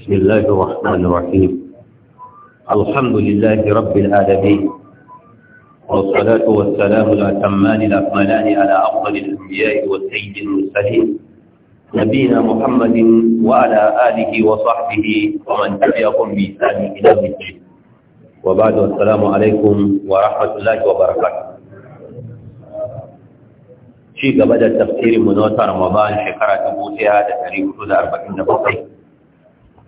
بسم الله الرحمن الرحيم الحمد لله رب العالمين والصلاة والسلام الأتمان الأكملان على أفضل الأنبياء والسيد المرسلين نبينا محمد وعلى آله وصحبه ومن تبعهم بإحسان إلى يوم الدين وبعد السلام عليكم ورحمة الله وبركاته شيء قبل التفسير من رمضان شكرا تبوتها تتريب 47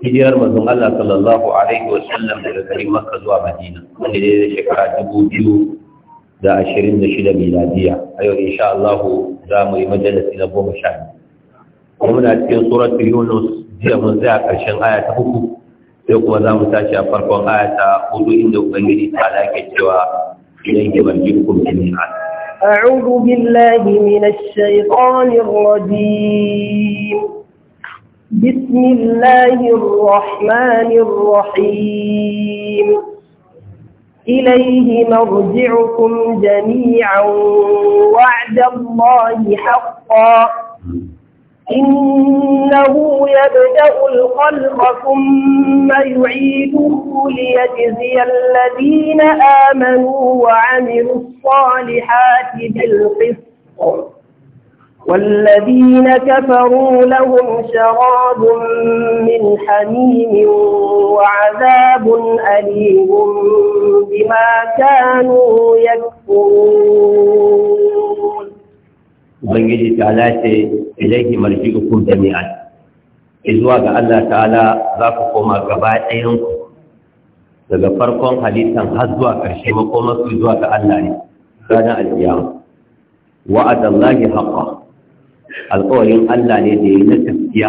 hijirar mazun Allah sallallahu alaihi Wasallam daga garin Makka zuwa Madina wanda ne da shekara dubu biyu da ashirin da shida miladiya a yau insha za mu yi majalisi na goma sha biyu kuma muna cikin surat Yunus jiya mun tsaya karshen aya ta uku sai kuma za mu tashi a farkon aya ta hudu inda ubangiji ta ke cewa idan ki barji hukum jami'a أعوذ بالله من الشيطان الرجيم بسم الله الرحمن الرحيم إليه مرجعكم جميعا وعد الله حقا إنه يبدأ الخلق ثم يعيده ليجزي الذين آمنوا وعملوا الصالحات بالقسط والذين كفروا لهم شراب من حميم وعذاب أليم بما كانوا يكفرون من يجي تعالى إليه مرجعكم جميعا إذ وقع الله تعالى ذاككم أقباء أيهنكم تغفركم حديثا هزوا كرشيمكم إذ وقع الله تعالى القيامة وعد الله حقا alƙawarin Allah ne da ya yi na tafiya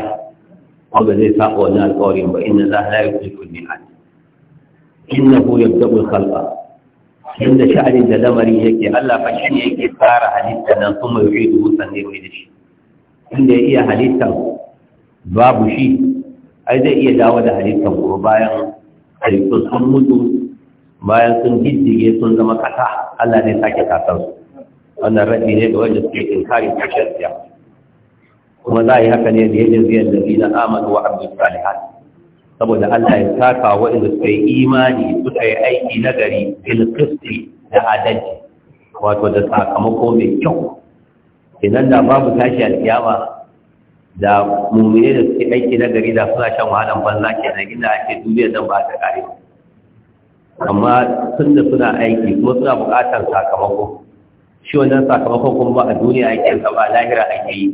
wanda zai saba wani alƙawarin ba inda za la yukhliqu al-mi'ad innahu yabda'u al-khalqa inda sha'anin da lamarin yake Allah fa shi yake fara halitta nan kuma yu'idu sanne mai da shi inda ya iya halitta babu shi ai zai iya dawo da halittan kuma bayan halittun sun mutu bayan sun giddige sun zama kasa Allah zai sake kasar su wannan rabi ne da wanda suke inkarin kashin siyasa kuma za a yi haka ne da yadda zai da zina Amadu wa abdul salihat saboda Allah ya saka waɗanda suka yi imani suka yi aiki na gari bil da adalci wato da sakamako mai kyau idan da babu tashi alkiyama da mummune da suke aiki na gari da suna shan wahalan banza ke da gina ake duniya nan ba ta kare amma sun da suna aiki kuma suna buƙatar sakamako shi wannan sakamakon kuma a duniya ake saba lahira ake yi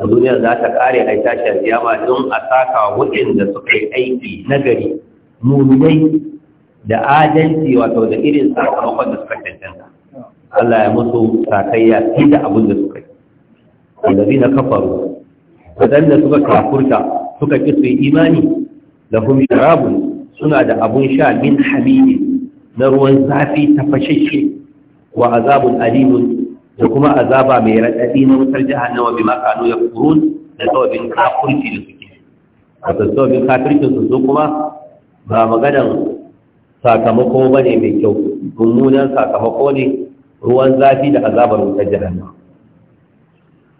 a duniyar za ta kare a tashar yama don a saka waɗanda suka yi aiki nagari muminai da adalci wato da irin sakamakon da suka cancanta Allah ya musu sakayya fi da abin da suka yi wallazi na kafaru waɗanda suka kafurta suka ƙi su yi imani da hum suna da abun sha min hamidi na ruwan zafi tafashashe wa azabun alimun da kuma azaba mai raɗaɗi na wutar jihar Nawa bi makano ya kurun da sababin kafirci da suke a sababin kafircin su su kuma ba maganan sakamako ba ne mai kyau mummunan sakamako ne ruwan zafi da azabar wutar jahannama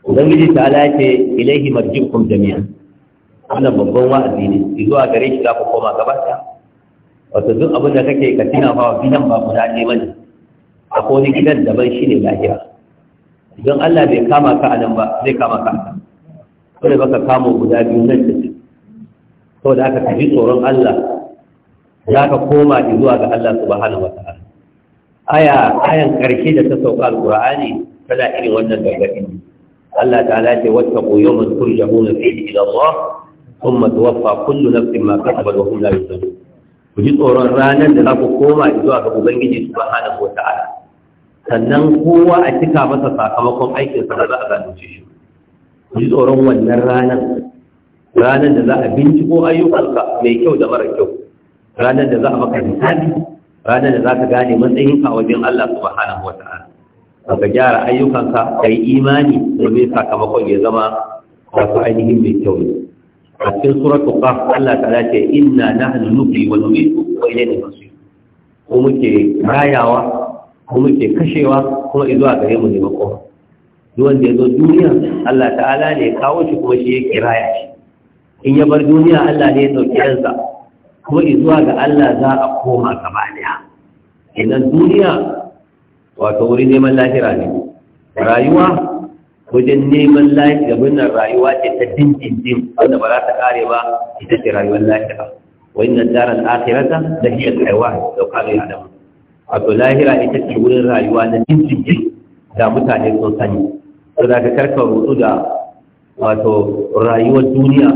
ubangiji ta alace ilaihi kun jami'an wannan babban wa'azi ne zuwa gare shi za ku koma gaba ta. wato duk abin da kake ka tunawa wa gidan ba guda ne bane akwai wani gidan daban ne lahira don Allah bai kama ka a nan ba zai kama ka ba baka kama guda biyu nan da sau da aka tafi tsoron Allah za ka koma zuwa ga Allah su hana wata hana aya ayan karshe da ta sauka ƙurani tana irin wannan gargadi Allah ta'ala ce wattaqu yawman turja'una fi ila Allah thumma tuwaffa kullu nafsin ma kasabat wa kullu la yuzlamun ku ji tsoron ranar da za ku koma zuwa ga Ubangiji subhanahu wa ta'ala sannan kowa a cika masa sakamakon aikinsa da za a zalunce shi ku ji tsoron wannan ranar ranar da za a binciko ayyukanka mai kyau da mara kyau ranar da za a maka hisabi ranar da za ka gane matsayinka wajen Allah subhanahu wa ta'ala ka gyara ayyukanka ka yi imani domin sakamakon ya zama wasu ainihin mai kyau ne a cikin suratu qaf Allah ta ce inna nahnu nuhyi wa numiitu wa ilayna al ko muke rayawa kuma ke kashewa kuma izuwa gare mu nemi makoma duk wanda ya zo duniya Allah ta'ala ne ya kawo shi kuma shi ya kiraya shi in ya bar duniya Allah ne ya dauki ransa kuma izuwa ga Allah za a koma gaba daya idan duniya wato wuri neman lahira ne rayuwa wajen neman lahira wannan rayuwa ce ta dindindin wanda ba za ta kare ba ita ce rayuwar lahira wa inna daral akhirata da hiya al-hayawan law kana ya'lamu wato lahira ita ce wurin rayuwa na jinjin da mutane sun sani to da ka karka rutu da wato rayuwar duniya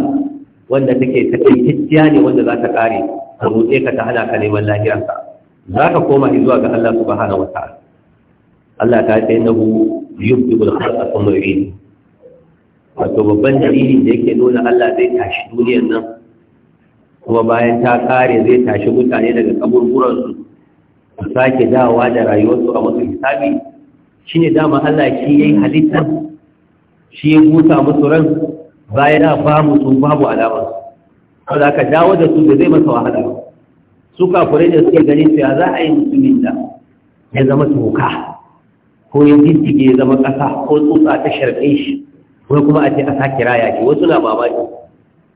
wanda take ta kai ne wanda za ta kare ka rute ka ta hana ka neman lahiranka za ka koma zuwa ga Allah subhanahu wata. Allah ta ce nahu yubdul khalqa thumma yu'id wato babban dalili da yake nuna Allah zai tashi duniyar nan kuma bayan ta kare zai tashi mutane daga kaburburansu a sake dawowa da rayuwarsu a musu hisabi Shi ne dama Allah shi yi halitta shi ya busa musu ran bayan da babu su babu alama da ka dawo da su da zai masa wahala su kafirai da suke gani su ya za a yi musulmi da ya zama tuka. ko ya jijjige ya zama ƙasa ko tsotsa ta sharɓe shi ko kuma a ce a sake raya ke wasu na mamaki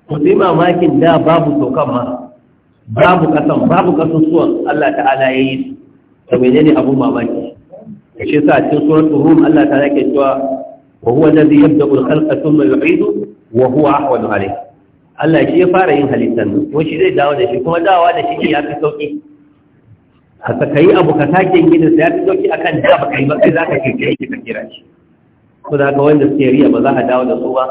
ko sai mamakin da babu tokan ma babu ƙasan babu ƙasusuwan Allah ta'ala ya yi su to menene abun mamaki ce sa a cikin suratul rum Allah ta yake cewa wa huwa alladhi yabda'u al-khalqa thumma yu'idu wa huwa ahwanu hali. Allah shi ya fara yin halittar nan ko shi zai dawo da shi kuma dawa da shi ya fi sauƙi? a sakayi abu ka sake gidan ya fi sauƙi akan da baka yi ba kai zaka kirkire shi ka kira shi ko da ga wanda suke riya ba za a dawo da su ba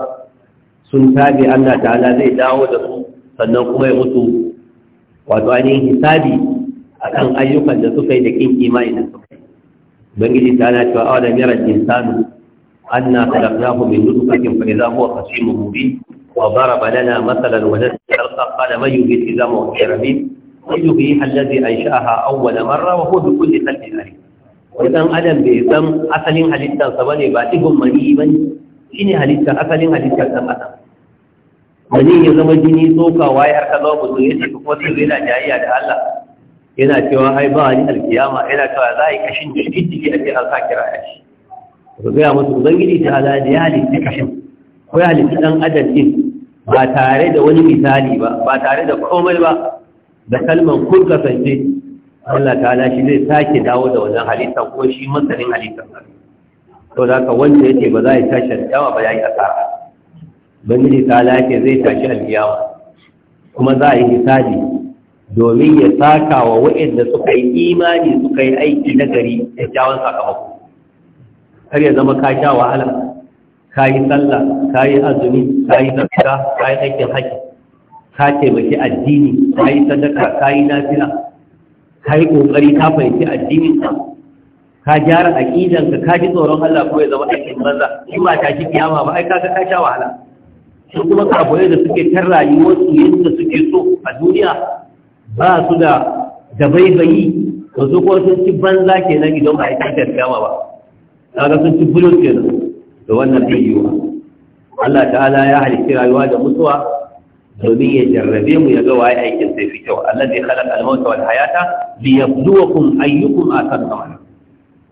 sun tabi Allah ta'ala zai dawo da su sannan kuma ya mutu wato ainihin hisabi akan ayyukan da suka yi da kin imani da suka yi ubangiji ta ana cewa awalam yara insanu anna khalaqnahu min nutfatin fa idha huwa khasimun mubin wa daraba lana mathalan wa nasiya khalqa qala man yuhyi al-izama wa hiya ramim wa yuhyi alladhi ansha'aha awwala marra wa huwa bi kulli khalqin alim dan adam bai san asalin halittarsa bane ba tibin mani ne? shine halitta asalin halittar dan adam mani ya zama jini tsoka wayar ka zama mutum ya tafi ko sai yana jayayya da Allah yana cewa ai ba ni alkiyama yana cewa za a yi kashin jirgin jiki a cikin sa kira ya shi ku gaya musu ubangiji ta ala da ya halitta kashin ko ya halitta dan adam din ba tare da wani misali ba ba tare da komai ba da kalman kun kasance Allah ta ala shi zai sake dawo da wannan halitta ko shi masanin halittar sa to da ka wanda yake ba za a yi tashi alkiyama ba ya yi asara ubangiji ta ala ke zai tashi alkiyama kuma za a yi misali domin ya saka wa waɗanda suka yi imani suka yi aiki na gari da kyawun sakamako har ya zama ka sha wahala ka yi sallah ka yi azumi ka yi zakka ka yi aikin haƙi ka taimaki addini ka yi sadaka ka yi nafila ka yi ƙoƙari ka fahimci addinin ka ka gyara aƙidanka ka ji tsoron Allah ko ya zama aikin banza shi ma ta shi kiyama ba ai kaga ka sha wahala shi kuma kafirai da suke tar rayuwarsu yadda suke so a duniya ba su da dabaibayi to su ko sun ci banza nan idan ba a yi tattar kyawa ba ga sun ci ke nan da wannan zai yiwa Allah ta'ala ya halitta rayuwa da mutuwa domin ya jarrabe mu ya ga waye aikin sai fi kyau Allah zai khalaqa al-mauta wal hayata yabluwakum ayyukum ahsanu amala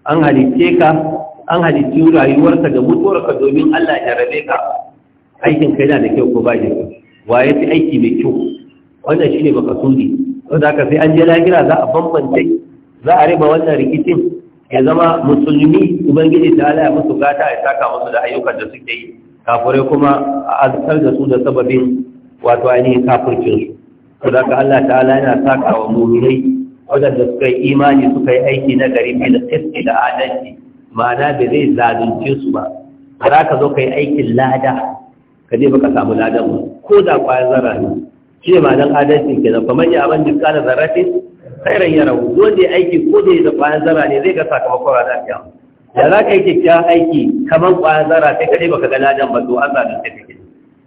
an halitte ka an halitti rayuwarka da mutuwarka domin Allah ya jarrabe ka aikin kai yana da kyau ko ba shi waye fi aiki mai kyau wannan shine baka makasudi to da sai an je lahira za a bambance za a riba wannan rikicin ya zama musulmi ubangiji ta ala ya musu gata ya saka musu da ayyukan da suke yi kafirai kuma a azkar da su da sababin wato ainihin kafircin su to da ka Allah ta'ala yana saka wa mu'minai wadanda suka yi imani suka yi aiki na gari bil qisti da adalci ma'ana da zai zalunce su ba ba za ka zo ka yi aikin lada ka je baka samu ladan ba ko da kwayar zara ne shi ma dan adalci kenan kamar ya ban duk kana zarratin khairan yarau wanda aiki ko da da kwayan zara ne zai ga sakamakon da ya ya za ka yi kyakkyawan aiki kamar kwayan zara sai kadai baka ga ladan ba to Allah da take kike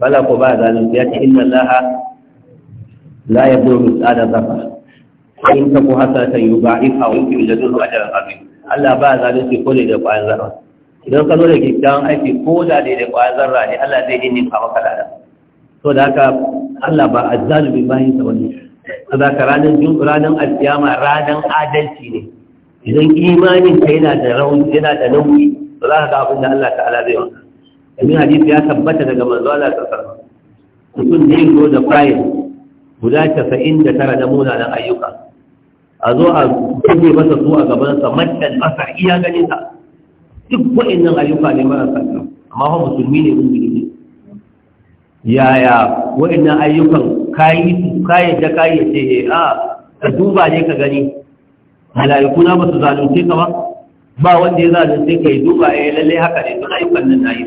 bala ko ba zalun ya ce inna laha la yabdu misala zarra in ta ku hasata yubaifa wa fi ladun ajran azim Allah ba zalunci ko da kwayan zara idan ka zo da kyakkyawan aiki ko da da kwayan zara ne Allah zai yi ninka maka ladan so da haka Allah ba azzalumi bayin sa wani za ka ranar ranar alkiyama ranar adalci ne idan imanin ka yana da rauni yana da nauyi to za ka ga abin da Allah ta'ala zai wanka. domin hadisi ya tabbata daga manzo Allah sallallahu alaihi wasallam mutum ne go da fayil guda 99 na munanan ayyuka a zo a kaje masa su a gaban sa matan masa iya ganin sa duk wa'annan ayyuka ne marasa kyau amma fa musulmi ne mun gidi yaya wa'annan ayyukan kayi kayi da kayi ce a ka duba ne ka gani malaiku na ba su zalunce ka ba ba wanda ya zalunce ka yi duba ya eh, lalle haka ne don ayyukan nan nayi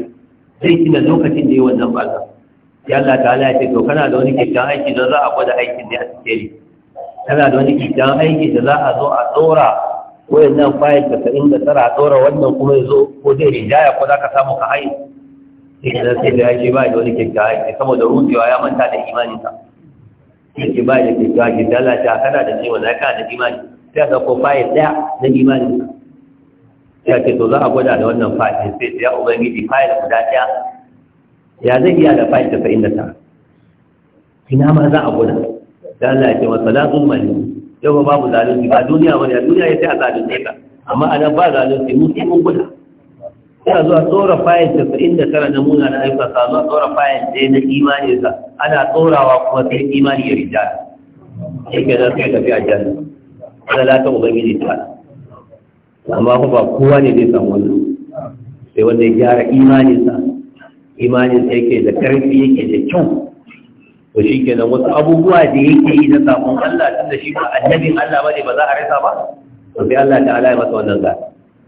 sai kina lokacin da ya wannan ba ka ya Allah ta'ala ya ce to kana da wani kyakkyawan aiki da za a gwada aikin ne a cikin kana da wani kyakkyawan aiki da za a zo a tsora wayannan fayil da ka inda tsara a tsora wannan kuma ya zo ko zai rinjaya ko za ka samu ka haihu yake da sai da ya ce ba da wani kyakkyawa ne saboda rufewa ya manta da imaninka. yake ba da kyakkyawa ke lalata kana da cewa na kana da imani sai ka ko fayi ɗaya na imaninka. ya ce to za a gwada da wannan fayi sai ya ubangiji fayi guda ɗaya. ya zai iya da fayi tasa'in da ta ina ma za a gwada da Allah ya ce masa la zulmani yau ba babu zalunci ba duniya wani a duniya ya sai a zalunce ka amma nan ba zalunci mu sai mun gwada yana zuwa tsora fayin casa'in da tara na muna na sa zuwa tsora fayin ɗaya na imaninsa ana tsorawa kuma sai imani ya rija ya ke nan sai tafi a jan ana lata ubangiji ta amma kuma kowa ne zai samu wannan sai wanda ya gyara imaninsa imaninsa yake da karfi yake da kyau to shi ke nan wasu abubuwa da yake yi na samun allah tun da shi ba annabin allah ba ne ba za a rasa ba to sai allah ala ya masa wannan gasa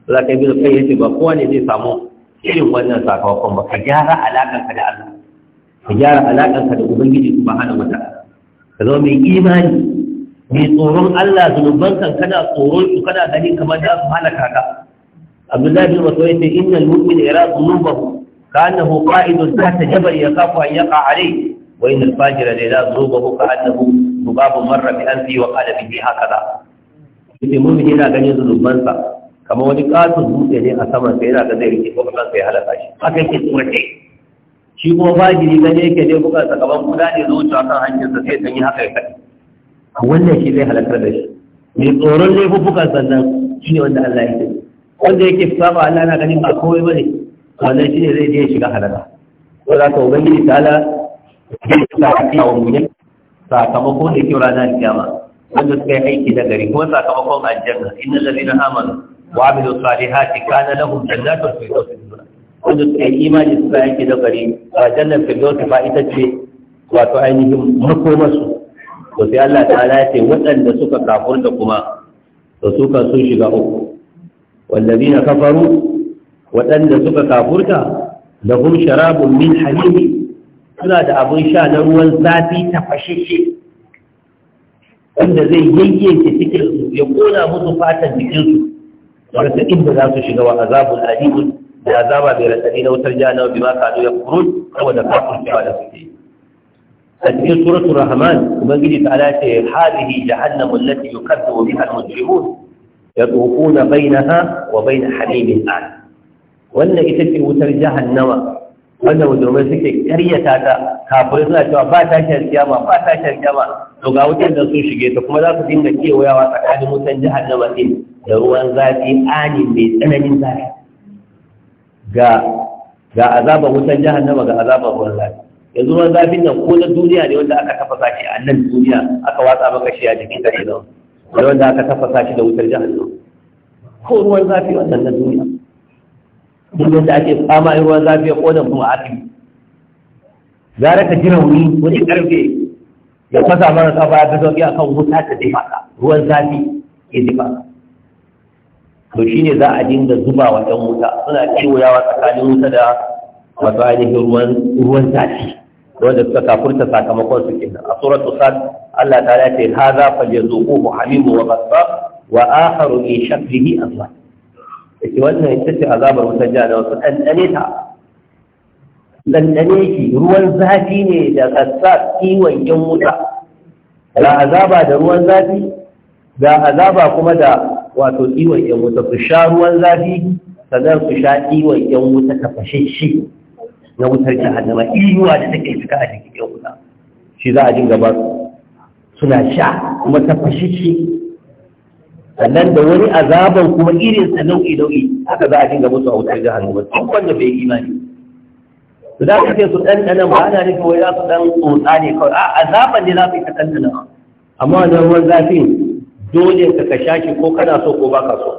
za ka yi bisa kai yace ba kowa ne zai samu irin wannan sakamakon ba ka gyara alaƙanka da Allah ka gyara alaƙanka da Ubangiji subhanahu wataala ka zama mai imani mai tsoron Allah zunuban kan kana tsoron su kana gani kamar da su halaka ka Abdullahi bin Mas'ud yace innal mu'mina yara dhunubahu ka'annahu qa'idun tahta jabal yaqafu an yaqa alayhi wa innal fajira la yara dhunubahu ka'annahu dhubabu marra bi anfi wa qala bihi hakaza yace mu'mini yana ganin zunubansa kamar wani katon dutse ne a saman sai yana da zai rike ko kuma sai halaka shi haka yake tsorace shi kuma da ne yake ne kuka sakamakon kuda ne zo ta kan hanyar sa sai dan yi haka ya kai wannan shi zai halakar da shi mai tsoron laifukan sannan shi ne wanda Allah ya ce wanda yake saba Allah na ganin ba kowai bane wannan shi ne zai je shiga halaka ko za ka ubangiji ta ala da sa ka wa sakamakon da kyau wanda suka yi aiki da gari kuma sakamakon inda zai na amanu wa amilu salihati kana lahum jannatul firdaus wanda suka yi imani suka yake da gari a jannar firdaus fa ita ce wato ainihin makomarsu to sai Allah ta'ala ya ce waɗanda suka kafurta kuma to su kan sun shiga uku wallazina kafaru waɗanda suka kafurta lahum sharabun min halimi suna da abin sha na ruwan zafi ta fashishe wanda zai yayyanke cikinsu ya kona musu fatan jikinsu wanda inda za su shiga wa azabul alimun da azaba bai ratsari na wutar jana bi ma kado ya kurun saboda kafin cewa da suke a cikin suratun rahman ubangiji ta ala ce hadihi jahannamu allati yukazzabu biha al bai na bainaha wa bain hamimin an wannan ita ce wutar jahannama wanda musulmai suke karyata ta kafin suna cewa ba ta shi kiyama ba ta shi kiyama to ga wutar da sun shige ta kuma za su dinga kewayawa tsakanin wutan jahannama din da ruwan zafi ani mai tsananin zafi ga ga azaban wutan jahannama ga azaban ruwan zafi yanzu ruwan zafin nan ko na duniya ne wanda aka tafasa shi a nan duniya aka watsa maka shi a jikin ka kenan wanda aka tafasa shi da wutar jahannama ko ruwan zafi wannan na duniya duk da ake fama in ruwan zafi ya kodan kuma a ɗin gara ka jira wuri wani karfe ya fasa mana safa ya fi ya kan wuta ta jefa ka ruwan zafi ya jefa ka to shi ne za a dinga zuba wa ɗan wuta suna kewayawa tsakanin wuta da masu ainihin ruwan ruwan zafi wanda suka kafurta sakamakon su kenan a suratul sad Allah ta ce hadha falyazuquhu hamimu wa basra wa akharu min shaklihi azwaj yake wannan ita ce azabar wutar jihar wasu ɗanɗane ta ɗanɗane shi ruwan zafi ne da kasa kiwon yan wuta ga azaba da ruwan zafi da azaba kuma da wato kiwon yan wuta su sha ruwan zafi sannan su sha kiwon yan wuta ta fashe shi na wutar jahannama iyuwa da take cika a jikin yan wuta shi za a dinga ba suna sha kuma ta fashe shi sannan da wani azaban kuma irin sa nau'i nau'i haka za a dinga musu a wutar ba, tun wanda bai imani to da kake su ɗanɗana ba ana nufin wai za su dan tsotsa ne kawai a azaban ne za su yi ta ɗanɗana amma wannan ruwan zafin dole ka ka sha shi ko kana so ko baka so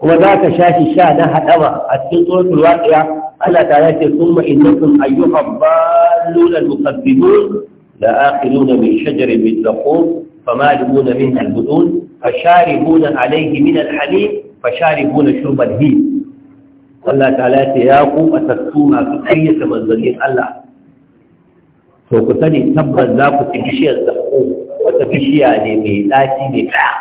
kuma za ka sha shi sha na haɗama a cikin suratul waqiya Allah ta yace summa innakum ayyuhal baluna al-mukaththibun la aqiluna min shajarin min zaqum famaluna minha al-budun fasharibuna alaihi min alhamim fasharibuna shurbal hi. Allah ta'ala ce ya ku matattu masu ƙayyata manzannin Allah to ku sani tabbas za ku ci bishiyar zaƙo wata bishiya ne mai ɗaci ne ɗaya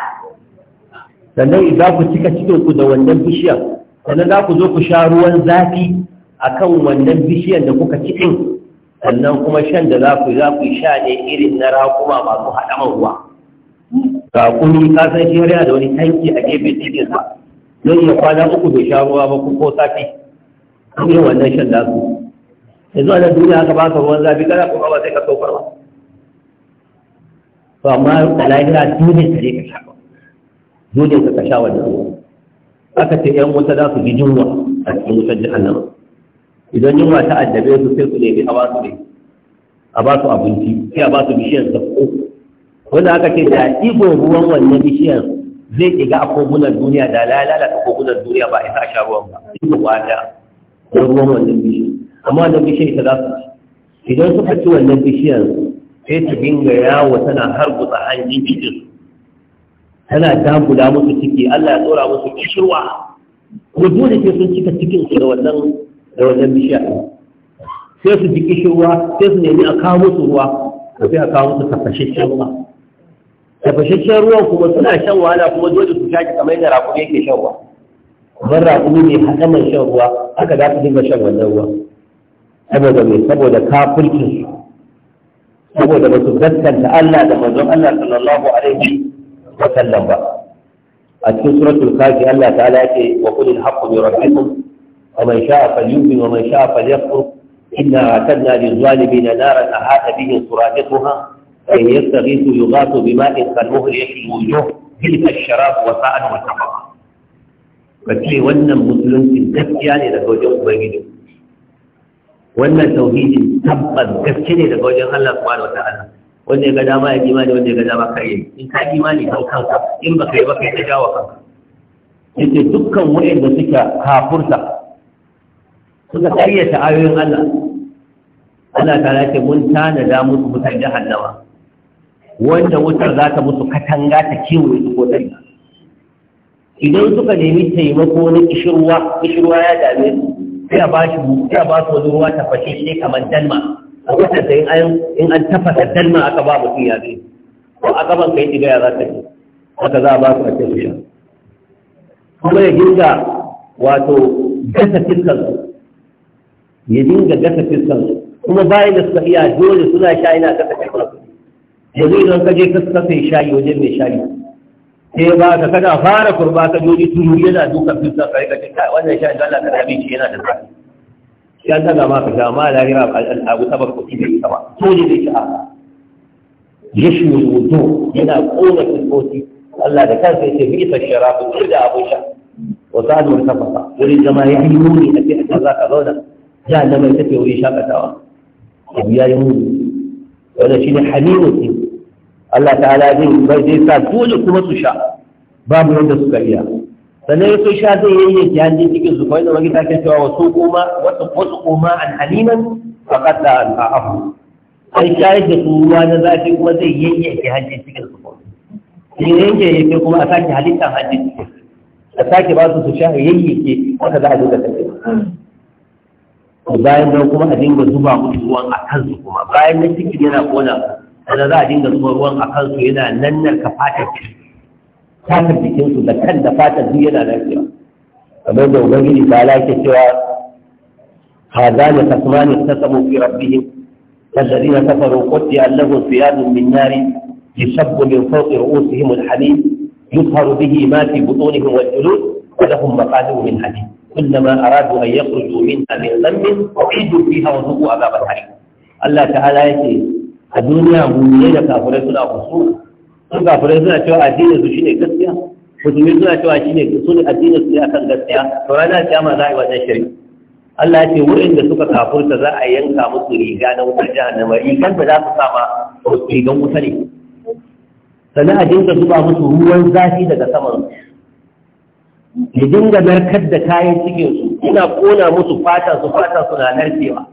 sannan za ku cika cikin ku da wannan bishiyar sannan za ku zo ku sha ruwan zafi akan wannan bishiyar da kuka cikin sannan kuma shan da za ku za ku sha ne irin na raƙuma masu haɗaman ruwa ga kuni ka san shi da wani tanki a gefe cikin sa zai iya kwana uku bai sha ruwa ba ko sati ko yin wannan shan nasu yanzu ana duniya haka ba ka ruwan zafi kana kuma ba sai ka saukar ba to amma a lahira dole ka je ka sha ba dole ka ka sha wannan ruwa aka ce yan wuta za su ji jinwa a cikin wutar jihannan idan yunwa ta addabe su sai su nemi a ba su ne a ba su abinci sai a ba su bishiyar sako wanda aka ce da igon ruwan wannan bishiyar zai kiga a kogunan duniya da lalata kogunan duniya ba isa sha ruwan ba igon wata da ruwan wannan bishiyar amma wannan bishiyar ita za su ci idan suka ci wannan bishiyar sai ta dinga yawo tana hargutsa hanjin cikin tana dagula musu ciki Allah ya tsora musu kishirwa ko dole sai sun cika cikin su da wannan da wannan bishiya sai su ji kishirwa sai su nemi a kawo musu ruwa ko sai a kawo musu tafashashen ruwa tafashashen ruwan kuma suna shan wahala kuma dole su shaki kamar yadda rakumi yake shan ruwa kamar rakumi mai haɗaman shan ruwa haka za su dinga shan wannan ruwa saboda mai saboda kafircin saboda ba su gaskanta Allah da manzon Allah sallallahu alaihi wa sallam ba a cikin suratul kafi Allah ta'ala yake wa qulil haqqu min rabbikum wa man sha'a falyu'min wa man sha'a falyakfur inna a'tadna lil-zalimina naran ahata bihim suradiquha فإن يستغيث يغاث بماء فالمهر يحل وجوه تلك الشراب وساء وسقط فكي wannan musulunci gaskiya ne daga wajen ubangiji wannan tauhidi tabbas gaskiya ne daga wajen wanda ya ga ma ya imani wanda ya ga ma kar in ka imani kan kanka in baka yi ba ta jawo kanka dukkan suka kafurta suka karyata ayoyin Allah Allah ta lafi mun tana da musu mutan jahannama wanda wutar za ta musu katanga ta kewaye su ko ɗari idan suka nemi taimako na kishirwa kishirwa ya dame su sai a ba a su wani ruwa tafashe shi kamar dalma a wata da in an tafasa dalma aka ba mutum ya zai ko a gaban kai diga ya za ta yi haka za a ba su a cikin kuma ya dinga wato gasa fiskan ya dinga gasa fiskan kuma bayan da suka iya dole suna sha yana gasa fiskan yanzu idan ka je kaskafe shayi wajen mai shayi sai ba ka kana fara kurba ka joji turu yana dukan fiska ka rika cika wannan shayi da Allah ta rabi shi yana da zafi shi an daga ma ka ga ma lahira abu sabar kuɗi bai sama so ne da sha'a yashu wudu yana kona fiskoki Allah da kansa ya ce bi isa sharafu ko da abun sha wa sa'adu wa tafasa wurin zama ya yi muni a cikin za ka zauna jahannama ita ce wurin shakatawa abu ya yi muni wannan shine hamimu Allah ta'ala zai bai zai sa dole kuma su sha babu wanda suka iya sannan ya so sha zai yayyanke hanjin cikin su kawai da magita ke cewa wasu kuma wasu wasu kuma an haliman kasa a afu sai shayar da su ruwa na zafi kuma zai yayyanke hanjin cikin su kawai in yanke ke kuma a sake halitta hanjin cikin a sake ba su su sha ke wata za a zo da tafi bayan nan kuma a dinga zuba musu ruwan a kansu kuma bayan na cikin yana kona kada za a dinga zuwa ruwan a kansu yana nan nan ka fatar fatar jikinsu da kan da fatar duk yana lafiya kamar da ubangiji ta lafiya cewa hazan da tasmani ta samu fi rabbihim الذين كفروا قتل لهم ثياب من نار يشب من فوق رؤوسهم الحديد يظهر به ما في بطونهم والجلود ولهم مقالب من حديد كلما ارادوا ان يخرجوا منها من ذنب اعيدوا فيها وذوقوا عذاب الحريق الله تعالى يقول a duniya mummune da kafirai suna kusu su kafirai suna cewa addinin su shine gaskiya musulmi suna cewa shine su ne addinin su ne akan gaskiya to rana ma za a yi wannan shiri Allah ce wurin da suka kafurta za a yanka musu riga na wutar jahannama rigar da za su sama rigan wuta ne sannan a dinga zuba musu ruwan zafi daga saman ya dinga narkar da kayan cikinsu ina kona musu fata su fata suna narkewa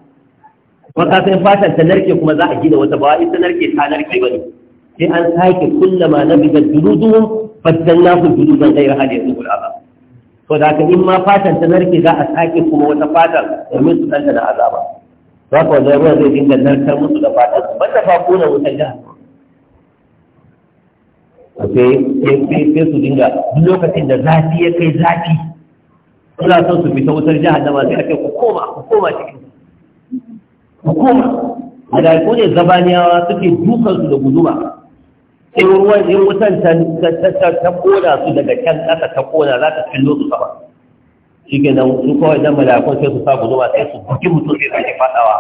kuma ka fatan ta narke kuma za a gina wata ba in ta narke ta narke ba ne sai an sake kullama na bigar dududuhun faddallahu dududan ghayra hadin zubul azab to da ka in ma fatan ta narke za a sake kuma wata fatan domin su danta da azaba za ka wanda ruwan zai dinga narkar musu da fatan su banda fa kona wutar jahannama sai su dinga duk lokacin da zafi ya kai zafi suna son su fita wutar jihar da masu ake ku koma ku koma cikin hukuma malaiku ne zabaniyawa suke dukansu da guduma sai ruwan in wutan ta koda su daga can ƙasa ta koda za ta kallo su sama shi ke nan su kawai nan malakun sai su sa guduma sai su buki mutum sai sake faɗawa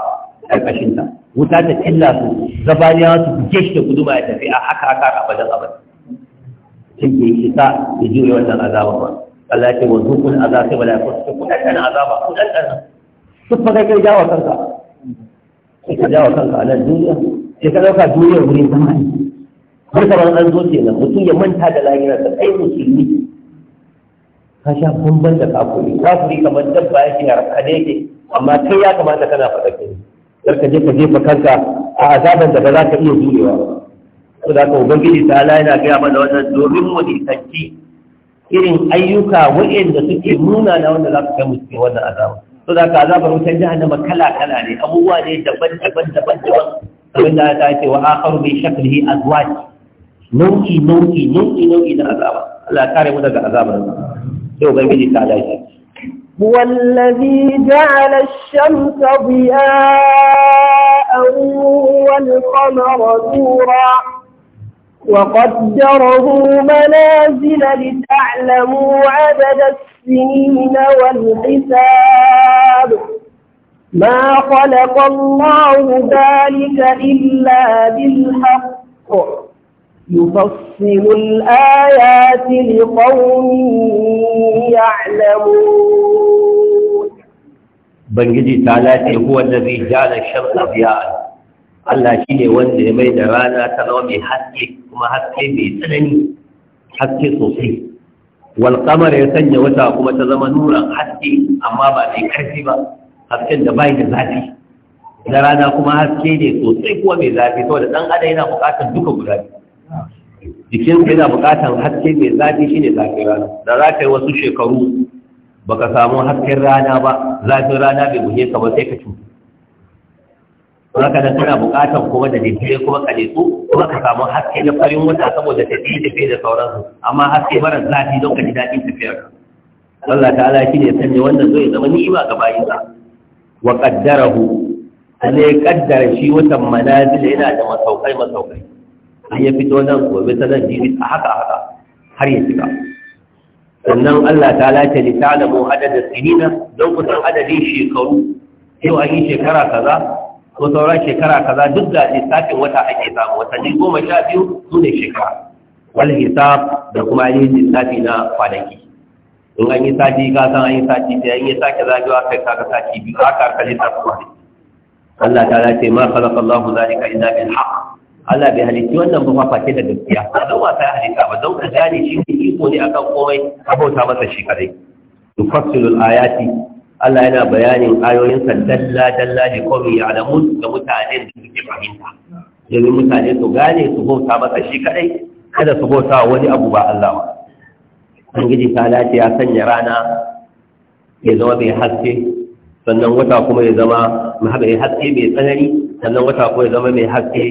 ƙarƙashin ta wuta ta killa su zabaniyawa su buke shi da guduma ya tafi a haka haka a bajan abin shi ke shi sa ya jure wannan azaba ba Allah ke wa kun azaba sai malakun su kuɗaɗɗen azaba kuɗaɗɗen su fa kai kai jawa kanka sai ka jawo kanka a nan duniya sai ka ɗauka duniyar wurin zama ne har an zo kenan mutum ya manta da lahira ka kai musulmi ka sha bamban da kafuri kafuri kamar dabba yake harkane yake amma kai ya kamata kana faɗa kai kar ka je ka jefa kanka a azaban da ba za ka iya jurewa ba da ka ubangiji ta ala yana gaya mana wannan domin mu irin ayyuka waɗanda suke nuna na wanda za ka kai mu cikin wannan azaba so da ka azabar wutar jahannama kala kala ne abubuwa ne daban daban daban daban abin da ta ce wa akharu bi shaklihi azwaj nau'i nau'i nau'i nau'i na azaba Allah ya kare mu daga azabar sai ubangiji ta dace هو الذي جعل الشمس ضياء والقمر نورا وقدره منازل لتعلموا عدد السنين والحساب ما خلق الله ذلك إلا بالحق يفصل الآيات لقوم يعلمون بنجدي تعالى هو الذي جعل الشمس ضياء Allah shi ne wanda ya mai da rana ta zama mai haske kuma haske mai tsanani haske sosai wal qamar ya sanya wata kuma ta zama nuran haske amma ba mai karfi ba hasken da bai da zafi da rana kuma haske ne sosai kuma mai zafi saboda dan adam yana buƙatar duka guda jikinsa yana bukatar haske mai zafi shine zafin rana da za ka yi wasu shekaru baka samu hasken rana ba zafin rana bai buge ka ba sai ka cutu haka da kana buƙatar kuma da daidai kuma ka kuma ka samu haske na farin wata saboda tafiye tafiye da sauransu amma haske mara zafi don ka ji daɗin tafiyar Allah ta'ala shi ne sanya zai zama ni'ima ga bayinsa wa qaddarahu Allah ya kaddara shi watan manazil yana da masaukai masaukai an ya fito nan gobe ta nan jiri a haka haka har ya shiga sannan Allah ta'ala ta li ta'lamu adadin sinina don ku san adadin shekaru yau an yi shekara kaza ko sauran shekara kaza duk da lissafin wata ake samu watanni goma sha biyu su ne shekara wani hisab da kuma yin lissafi na kwanaki in an yi sati ka san an yi sati sai an yi sake zagawa kai ka sati biyu haka ka lissafi kwanaki Allah ta lace ma khalaqa Allah zalika illa bil haqq Allah bai halitti wannan ba fafake da gaskiya ba don wasa ya halitta ba don ka gane shi ne iko ne akan komai ka bauta masa shi kadai tufassilu al-ayati Allah yana bayanin ayoyinsa dalla dalla ne kawai ya alamu ga mutanen da suke fahimta domin mutane su gane su bauta masa shi kadai kada su bauta wani abu ba Allah ba ubangiji ta lace ya sanya rana ya zama mai haske sannan wata kuma ya zama mai haske mai tsanani sannan wata kuma ya zama mai haske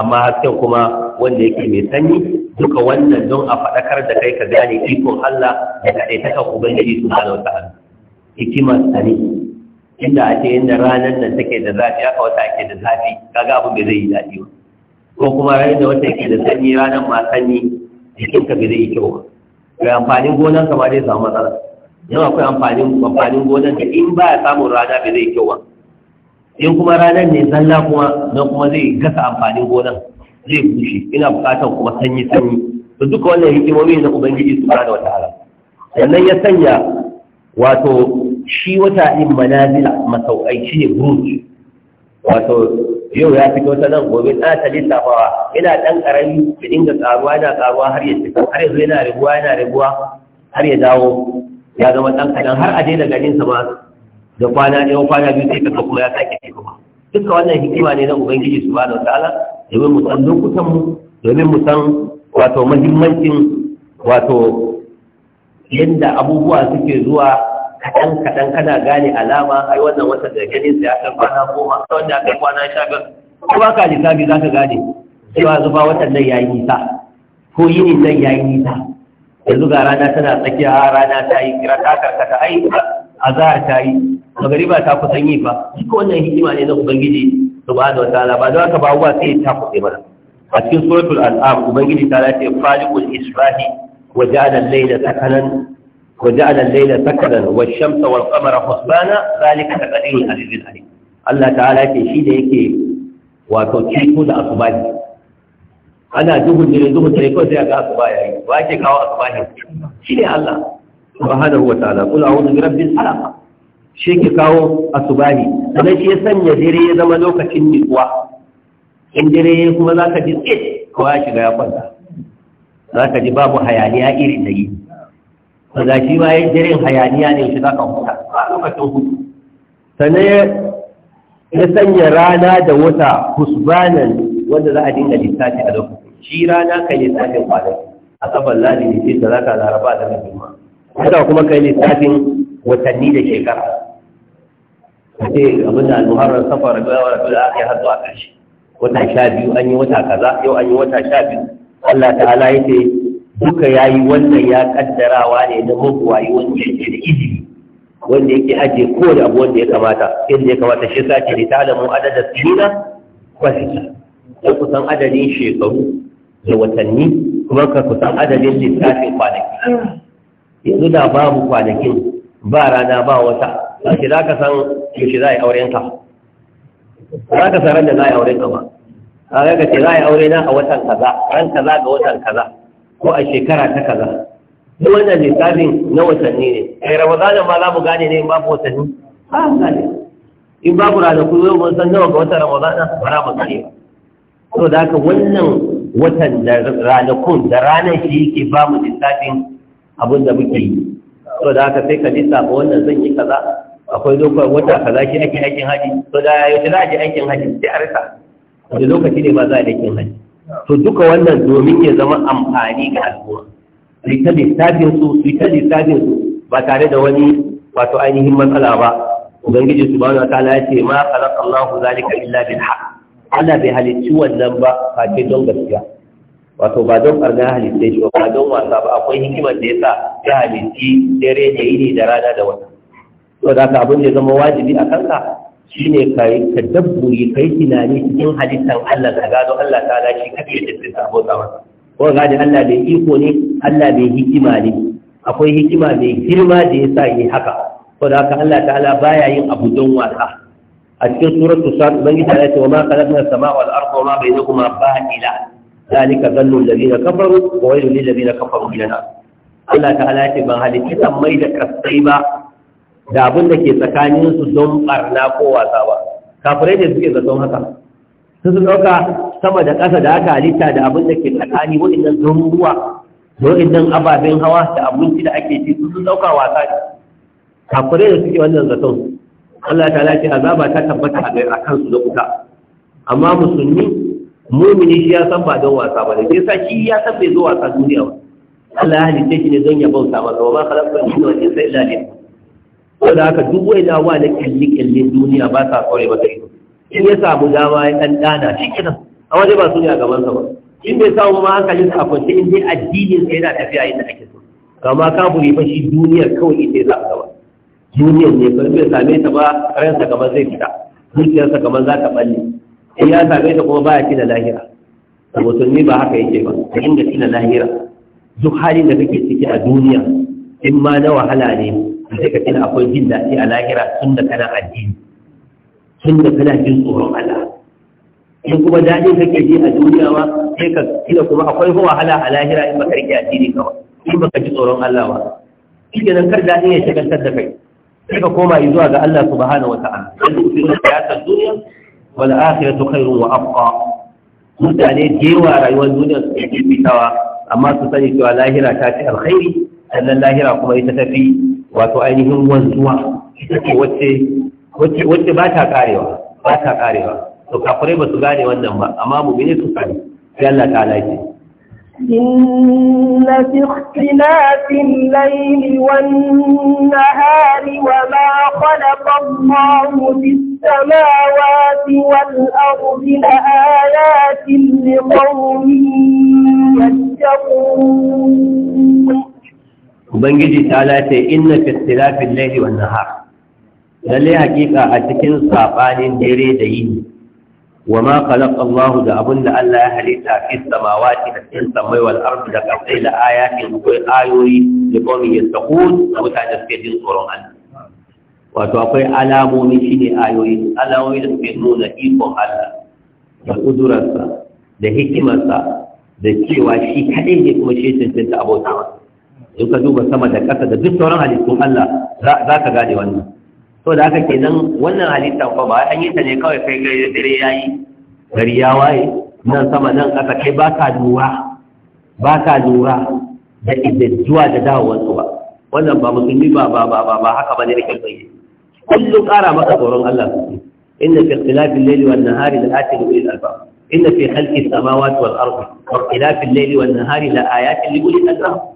amma hasken kuma wanda yake mai sanyi duka wannan don a faɗakar da kai ka gane ikon Allah da kaɗaitakan Ubangiji su hana wata hannu. hikimar sani inda a ce inda ranar da take da zafi aka wata ake da zafi kaga abin bai zai yi daɗi ba ko kuma ranar da wata yake da sanyi ranar ma sanyi jikinka bai zai yi kyau ba ga amfanin gonan ka ba zai samu matsala yau akwai amfanin amfanin gonan ka in ba ya samun rana bai zai kyau ba in kuma ranar ne zalla kuma na kuma zai gasa amfanin gonan zai bushe ina bukatar kuma sanyi sanyi to duka wannan hikimomi na ubangiji su da wata ala sannan ya sanya wato shi wata ɗin manazila masaukai ne buruj wato yau ya fito ta nan gobe na ta lissafawa yana ɗan ƙarami ya dinga ƙaruwa yana ƙaruwa har ya cika har yanzu yana rabuwa, yana rabuwa har ya dawo ya zama ɗan kaɗan har a daina ganin sa ma da kwana ɗaya kwana biyu sai kaga kuma ya sake ci kuma duka wannan hikima ne na ubangiji subhanahu wataala domin mu san lokutan mu domin mu san wato muhimmancin wato yadda abubuwa suke zuwa kaɗan kaɗan kana gane alama ai wannan wata da ganin sai aka kwana goma wanda aka kwana sha biyar ko ba ka lissafi za ka gane cewa zuba watan nan ya yi nisa ko yini nan ya yi nisa yanzu ga rana tana tsakiya rana ta yi kira ta karkata ai a a ta yi ba ta kusan yi ba duka wannan hikima ne na ubangiji subhanahu wa ta'ala ba za ka ba uwa sai ta kuɗe mana a cikin suratul al'am ubangiji ta lafiya faliqul israhi wa ja'ala al-layla sakanan وجعل الليل سكنا والشمس والقمر حسبانا ذلك تقدير العزيز العليم الله تعالى yake shi da yake wato ciko da asubani. ana duhun dare duhun dare ko sai ga asuba yayi ba ke kawo asubahi shi ne Allah subhanahu wa ta'ala qul a'udhu bi rabbil falaq shi ke kawo asubani. sannan shi ya sanya dare ya zama lokacin nutsuwa in dare kuma zaka ji tsit ko ya shiga ya kwanta zaka ji babu hayaniya irin da yi ba za shi ba ya jirin hayaniya ne shi za ka huta Ba a lokacin hutu sannan ya sanya rana da wata husbanan wanda za a dinga lissafi a lokacin shi rana kai lissafin kwanaki a kafan ladi da ce talata laraba da mahimma haka kuma kai lissafin watanni da shekara ce abin da al-muharrar safar rabi'a wa rabi'a aka yi hatsu a ƙarshe wata sha biyu an yi wata kaza yau an yi wata sha biyu Allah ta'ala ya ce duka ya yi wannan ya kaddarawa ne da muguwa yi wanda yake da izini wanda yake ajiye ko da abu wanda ya kamata inda ya kamata shi sa ke ta alamun adada suna kwasita ya kusan adadin shekaru da watanni kuma ka kusan adadin lissafin kwanaki yanzu da babu kwanakin ba rana ba wata sashi za ka san yaushe za a yi ka za ka san ran da za a yi ka ba a ga ce za a yi aure na a watan kaza ran kaza ga watan kaza ko a shekara ta kaza duk wannan lissafin na watanni ne ai ramadana ma za mu gane ne in babu watanni ba mu gane in babu ranaku yau mun san nawa ga watan ramadana ba za mu gane ba da haka wannan watan da ranakun da ranar shi yake ba mu lissafin abin da muke yi so da haka sai ka lissafa wannan zan yi kaza akwai lokacin wata kaza shi ake aikin haji so da yau za a je aikin haji sai a rika wani lokaci ne ba za a yi aikin haji to duka wannan domin ya zama amfani ga al'umma sai ta lissafin su sai ta lissafin su ba tare da wani wato ainihin matsala ba ubangiji subhanahu wa ta'ala ya ce ma khalaqa Allahu zalika illa bil haqq Allah bai halicci wannan ba face don gaskiya wato ba don arga halitta shi ba don wasa ba akwai hikimar da yasa ya halitti dare da yini da rana da wata to da ka abin da zama wajibi a kanka shine kai ka dabburi kai tunani cikin halittar Allah ka gado Allah ta da shi kake da sai sabo sama ko ga da Allah bai iko ne Allah bai hikima ne akwai hikima mai girma da yasa yi haka ko da haka Allah ta'ala baya yin abu don wasa a cikin suratul sad ubangiji ta ce wa ma khalaqna as-samaa wal arda wa ma bainakuma batila zalika dhannu alladhina kafaru wa waylun lil ladina kafaru min Allah ta'ala ya ce ban halitta mai da kasai ba da abin da ke tsakaninsu don barna ko wasa ba kafirai ne suke zaton haka su sun ɗauka sama da ƙasa da aka halitta da abin da ke tsakani waɗannan don ruwa waɗannan ababen hawa da abinci da ake ci su sun ɗauka wasa ne kafirai da suke wannan zaton Allah ta lafi azaba ta tabbata a a kansu da kuta amma musulmi mumini shi ya san ba don wasa ba ne sai sa shi ya san bai zo wasa duniya ba Allah ya halitta shi ne don ya bauta masa wa ma khalaqtu al-jinna wal insa illa liya'budun ko da haka duk wai da wani kalli kalli duniya ba sa kore ba kai in ya samu dama ya dan dana shi kenan amma dai ba su ne a gaban sa ba in bai samu ma hankalin sa a sai in dai addinin sa yana tafiya yadda ake so kama buri fa shi duniyar kawai ita za a gaba duniyar ne ba bai same ta ba sa kamar zai fita sa kamar za ta balle in ya same ta kuma baya tina lahira ni ba haka yake ba inda tina lahira duk halin da kake ciki a duniya in ma na wahala ne sai ka tuna akwai jin daɗi a lahira tun da kana addini tun da kana jin tsoron Allah in kuma daɗin kake ji a duniya ma sai ka tuna kuma akwai wahala a lahira in baka rike addini kawai in baka ji tsoron Allah ba shi nan kar daɗin ya shagaltar da kai sai ka koma zuwa ga Allah subhanahu wa ta'ala yanzu ku tuna hayatar duniya wal akhiratu khairun wa abqa mutane da yawa rayuwar duniya su fitawa amma su sani cewa lahira ta fi alkhairi sannan lahira kuma ita ta fi wato ainihin wanzuwa wacce ba ta karewa ba ta karewa to kafirai ba su gane wannan ba amma mu'mini su na sai Allah ta alaƙi إن في اختلاف الليل والنهار وما خلق الله في السماوات والأرض لآيات لقوم يتقون ubangiji ta lace inna fi ikhtilafil layli wan nahar lalle hakika a cikin sabanin dare da yini wa ma khalaqa Allahu da abunda Allah ya halitta fi samawati da cikin samai wal ardi da kasai la ayatin akwai ayoyi da kuma yattaqun da mutane suke jin tsoron Allah wato akwai alamomi shine ayoyi alamomi da suke nuna ikon Allah da kudurarsa da hikimarsa da cewa shi kadai ne kuma shi cancanta abota masa in ka duba sama da ƙasa da duk sauran halittun Allah za ka gane wannan to da haka kenan wannan halitta ko ba an yi ta ne kawai kai gari da dare yayi gari ya waye nan sama nan ƙasa kai ba ka lura ba ka lura da idadduwa da dawowar su ba wannan ba musulmi ba ba ba ba ba haka ba bane rikin bayyana kullum ƙara maka tsoron Allah su. inna fi ikhtilafil layli wan nahari la ayatin lil albab inna fi khalqis samawati wal ardi wa ikhtilafil layli wan nahari la ayatin lil albab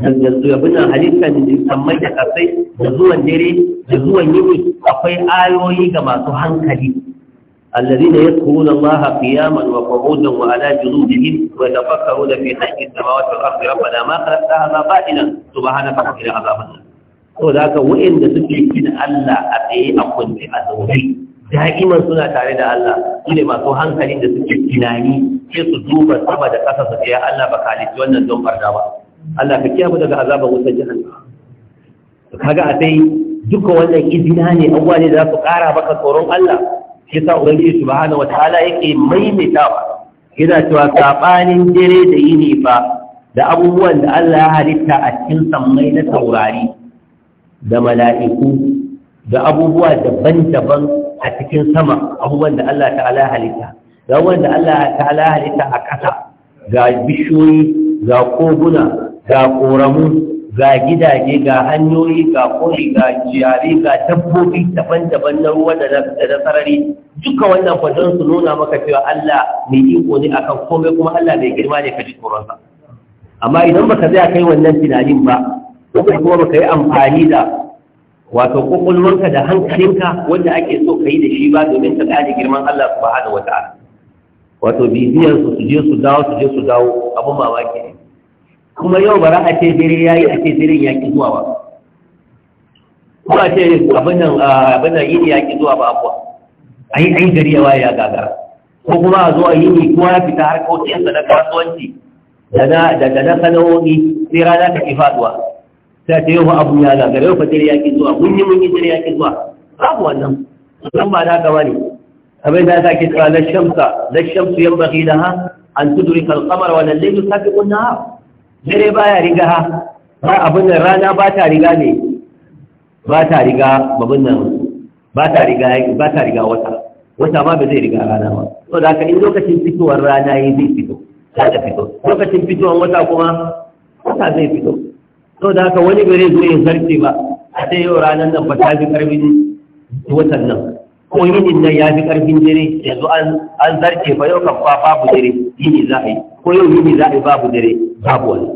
da zuwa halittar sammai da kasai da zuwan dare da zuwan yini akwai ayoyi ga masu hankali الذين يذكرون الله قياما وقعودا وعلى جنوبهم ويتفكرون في خلق السماوات والارض ربنا ما خلقت هذا باطلا سبحانك وقنا عذاب النار to da haka wa'anda suke kin Allah a tsaye a kunne a da'iman suna tare da Allah su masu hankalin da suke tunani sai su duba sama da ƙasa su Allah ba kalici wannan don barna ba Allah ka kiyaye daga azabar wutar jahannama kaga a sai duka wannan izina ne abuwa ne da za su ƙara maka tsoron Allah shi sa ubangiji subhanahu wataala yake maimaitawa yana cewa sabanin dare da yini fa da abubuwan da Allah ya halitta a cikin sammai na taurari da mala'iku da abubuwa daban-daban a cikin sama abubuwan da Allah ta'ala ya halitta da abubuwan da Allah ta'ala ya halitta a ƙasa ga bishiyoyi ga koguna ga ƙoramu ga gidaje ga hanyoyi ga koli ga jiyari ga dabbobi daban-daban na ruwa da na sarari duka wannan fadon su nuna maka cewa Allah mai iko ne akan komai kuma Allah mai girma ne ka ji tsoronsa amma idan baka zai kai wannan tunanin ba ko kuma baka yi amfani da wato kokolwarka da hankalinka wanda ake so ka yi da shi ba domin ka girman Allah subhanahu wata'ala wato bibiyar su su je su dawo su je su dawo abun mamaki ne kuma yau ba a ce dare ya yi a ce dare ya ki zuwa ba ko a ce abin nan abin nan yini ya ki zuwa ba abuwa a yi yi gari yawa ya gagara ko kuma a zo a yini kuma ya fita harkokinsa na kasuwanci da na sana'o'i sai rana ta ki faduwa sai ta yau abu ya gagara yau fa dare ya ki zuwa mun yi mun yi dare ya ki zuwa babu wannan san ba na gaba ne abin da ya sake tsara na shamsa na shamsu yan baki da ha an tudurika wa, wannan laifin sabi'un na ha dare ya riga ba abin nan rana ba ta riga ne ba ta riga babin nan ba ta riga ba ta riga wata wata ma ba zai riga rana ba to da haka in lokacin fitowar rana yi zai fito za ta fito lokacin fitowar wata kuma wata zai fito to da haka wani bare zai zarce ba a sai yau ranar nan ba ta fi karfin watan nan ko yinin nan ya fi ƙarfin dare yanzu an zarce fa yau kan fa babu dare yini za a yi ko yau yini za a yi babu dare babu wani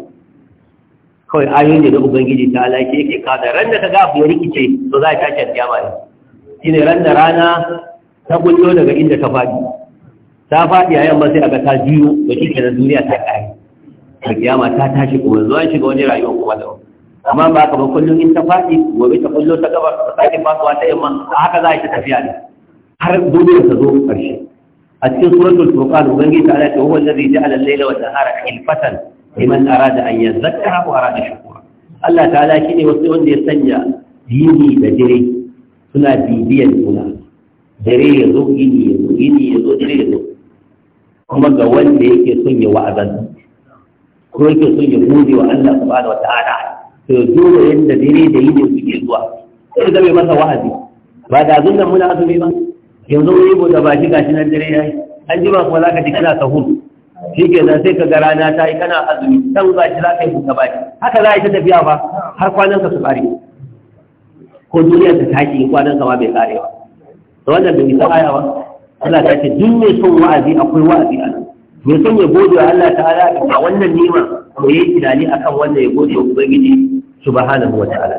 kawai ayoyin da na ubangiji ta alaƙe yake kada ran da ka ga abu ya rikice to za a tashi kiyama ne ne ran da rana ta gullo daga inda ta faɗi ta faɗi a yamma sai ga ta juyo da shi na duniya ta ƙare ta kiyama ta tashi kuma zuwa shiga wani rayuwa kuma da amma ba ka ba kullum in ta faɗi gobe ta kullo ta gaba ta sake fasuwa ta yamma a haka za a yi ta tafiya ne har duniyar ta zo ƙarshe a cikin suratul furqan ubangiji ta ala ce huwa allazi ja'ala al-layla wa an-nahara khilfatan liman arada an yadhakkara wa arada shukura Allah ta'ala ne wasu wanda ya sanya yini da dare suna bibiyan juna dare ya zo gini ya zo gini ya zo dare ya zo kuma ga wanda yake son ya wa'azan ko yake son ya gode wa Allah subhanahu wa ta'ala to dole yanda dare da yini suke zuwa sai zame masa wa'azi ba da zunnan muna azumi ba yanzu yi bude da baki gashi nan dare yayi an ji ba kuma zaka ji kana sahur shi ke nan sai ka ga rana ta yi kana azumi dan gashi zaka yi buka baki haka za a yi ta tafiya ba har kwanan ka su kare ko duniya ta taki kwanan ka ma bai kare ba to wannan bai isa aya ba Allah ta ce duk mai son wa'azi akwai wa'azi a nan mai son ya gode wa Allah ta'ala a wannan nima ko yayi tunani akan wannan ya gode wa ubangiji subhanahu wa ta'ala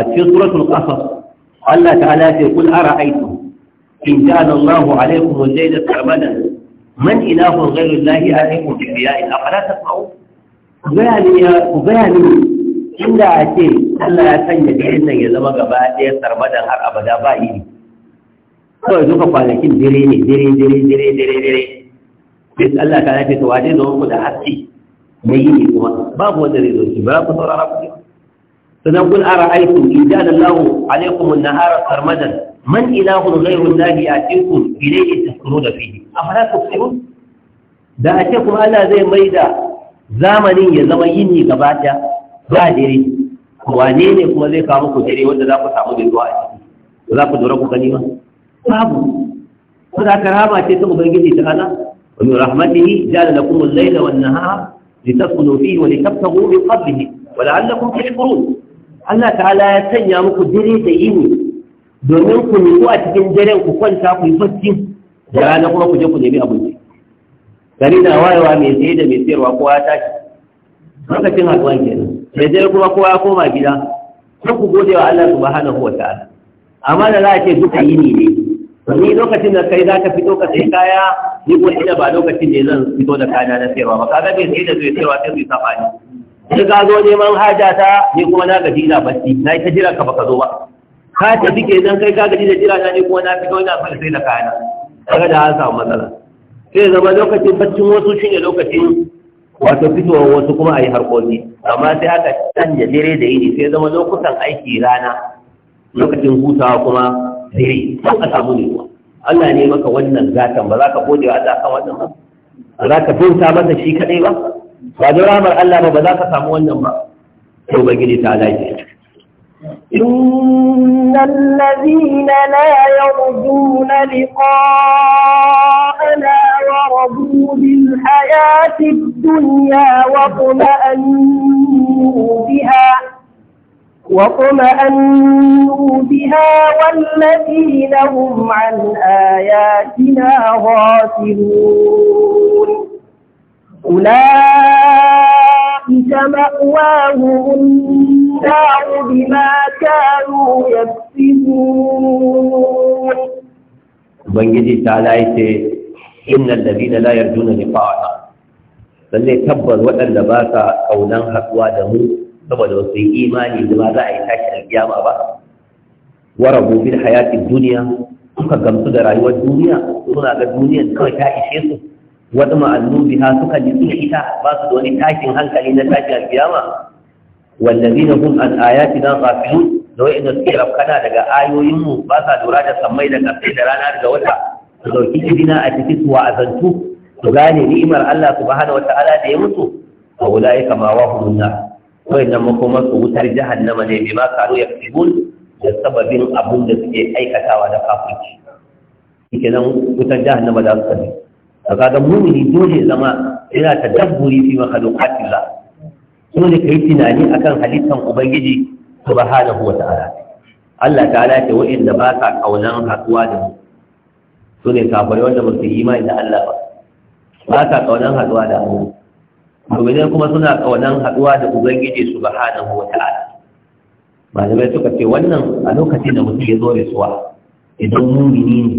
a cikin suratul qasas Allah ta'ala ce kul ara'aytum in ja'ala Allahu alaykum al-layla sarmadan ina ilahun ghayru Allahi alaykum bi riya'i afala tasma'u ku ga ku ga ni inda ake Allah ya sanya garin nan ya zama gaba ɗaya sarmadan har abada ba iri kawai duka kwanakin dire ne dire dire dire dire dire sai Allah ta lafi to waje zo ku da haske na yini kuma babu wanda zai zo ki ba ku saurara ku sannan kun ara aikin in ja'ala Allahu alaykum an-nahara sarmadan man ilahun ghayrun lahi atikum ilayhi tasquruna fihi afala tusirun da a ce kuma Allah zai maida zamanin ya zama yini gaba ɗaya ba dire. wane ne kuma zai kawo muku dire wanda za ku samu da zuwa a Ba za ku dora ku gani ba babu ko da karama ce ta ubangiji ta Allah wa min rahmatihi ja'ala lakum al-layla wan-nahara litaskunu fihi wa litabtaghu min fadlihi wa la'allakum tashkurun Allah ta'ala ya sanya muku dire da yini domin ku nemi a cikin daren ku kwanta ku yi bacci da rana kuma ku je ku nemi abinci gari na wayewa mai saye da mai sayarwa kowa ya tashi lokacin haɗuwan kenan mai jere kuma kowa ya koma gida sai ku gode wa Allah subhanahu wa ta'ala amma da za a ce duka yini ne ni lokacin da kai za ka fito ka sayi kaya ni ko ina ba lokacin da zan fito da kaya na sayarwa ba kaga mai tsaye da zai sayarwa sai zai ni sai ka zo neman hajata, ni kuma na gaji ina bacci na yi ta jira ka baka zo ba ka tafi ke nan kai ka gaji da jira ne kuma na fito na fara sai da kayana daga da an samu matsala sai zama lokacin baccin wasu shine lokacin wato fitowar wasu kuma a yi harkoki amma sai aka canja dare da yini sai zama lokutan aiki rana lokacin hutawa kuma dare don a samu ne kuwa Allah ne maka wannan zatan ba za ka gode wa Allah kan wannan ba ba za ka bauta masa shi kadai ba ba da rahmar Allah ba ba za ka samu wannan ba to ba gidi ta lafiya إن الذين لا يرجون لقاءنا ورضوا بالحياة الدنيا واطمأنوا بها وطمأنوا بها والذين هم عن آياتنا غافلون أولئك فبئس مأواهم النار بما كانوا يكسبون Ubangiji ta laice, Inna lalina la yarjuna liqa'ana lalle tabbas waɗanda ba sa kaunan haɗuwa da mu saboda wasu yi imani da ma za a yi tashi alƙiyama ba warabu bil hayati duniya suka gamsu da rayuwar duniya suna ga duniyan kawai ta ishe su wadda ma'allu biha suka ji ita ba su da wani takin hankali na tashin alkiyama wallazina hum an ayatina ghafilun da da suke rafkana daga ayoyinmu ba sa lura da sammai da ƙarfi da rana daga wata su dauki izina a cikin su wa'azantu su gane ni'imar Allah wata ala da ya mutu a wula'i kama wa hulunna wa'innan makomar su wutar jahannama ne bi ma kanu ya da sababin abun da suke aikatawa da kafirci shikenan wutar jahannama da su kaje a kaga mumini dole zama yana ta dabburi fi makhluqatillah dole kai tunani akan halittar ubangiji subhanahu wa ta'ala Allah ta'ala ce wa'inda ba sa kaunan haɗuwa da mu su ne kafirai wanda ba su yi imani da Allah ba ba sa kaunan haɗuwa da mu mu'minai kuma suna kaunan haɗuwa da ubangiji subhanahu wa ta'ala malamai suka ce wannan a lokacin da mutum ya zo rasuwa idan mumini ne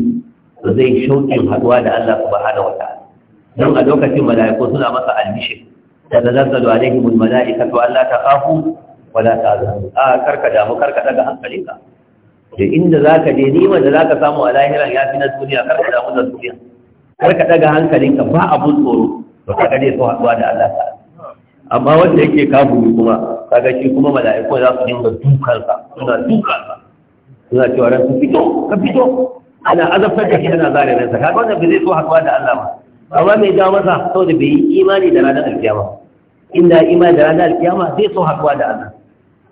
to zai shauƙin haɗuwa da Allah subhanahu wa ta'ala don a lokacin mala'iku suna masa almishin daga zazzalu alaihim almala'ika to Allah ta kafu wala ta zanu a karka damu karka daga hankalinka da inda za ka je ni za ka samu a lahiran ya fi na duniya karka damu da duniya karka daga hankalinka ba abun tsoro to kaga dai so haɗuwa da Allah ta amma wanda yake kafuri kuma kaga shi kuma mala'iku za su dinga dukansa suna dukansa suna cewa ran fito ka fito ana azabtar da shi ana zalimin sa kaga wannan bai so haɗuwa da Allah ba amma mai jawo masa saboda bai yi imani da ranar alkiyama inda imani da ranar alkiyama zai so haɗuwa da Allah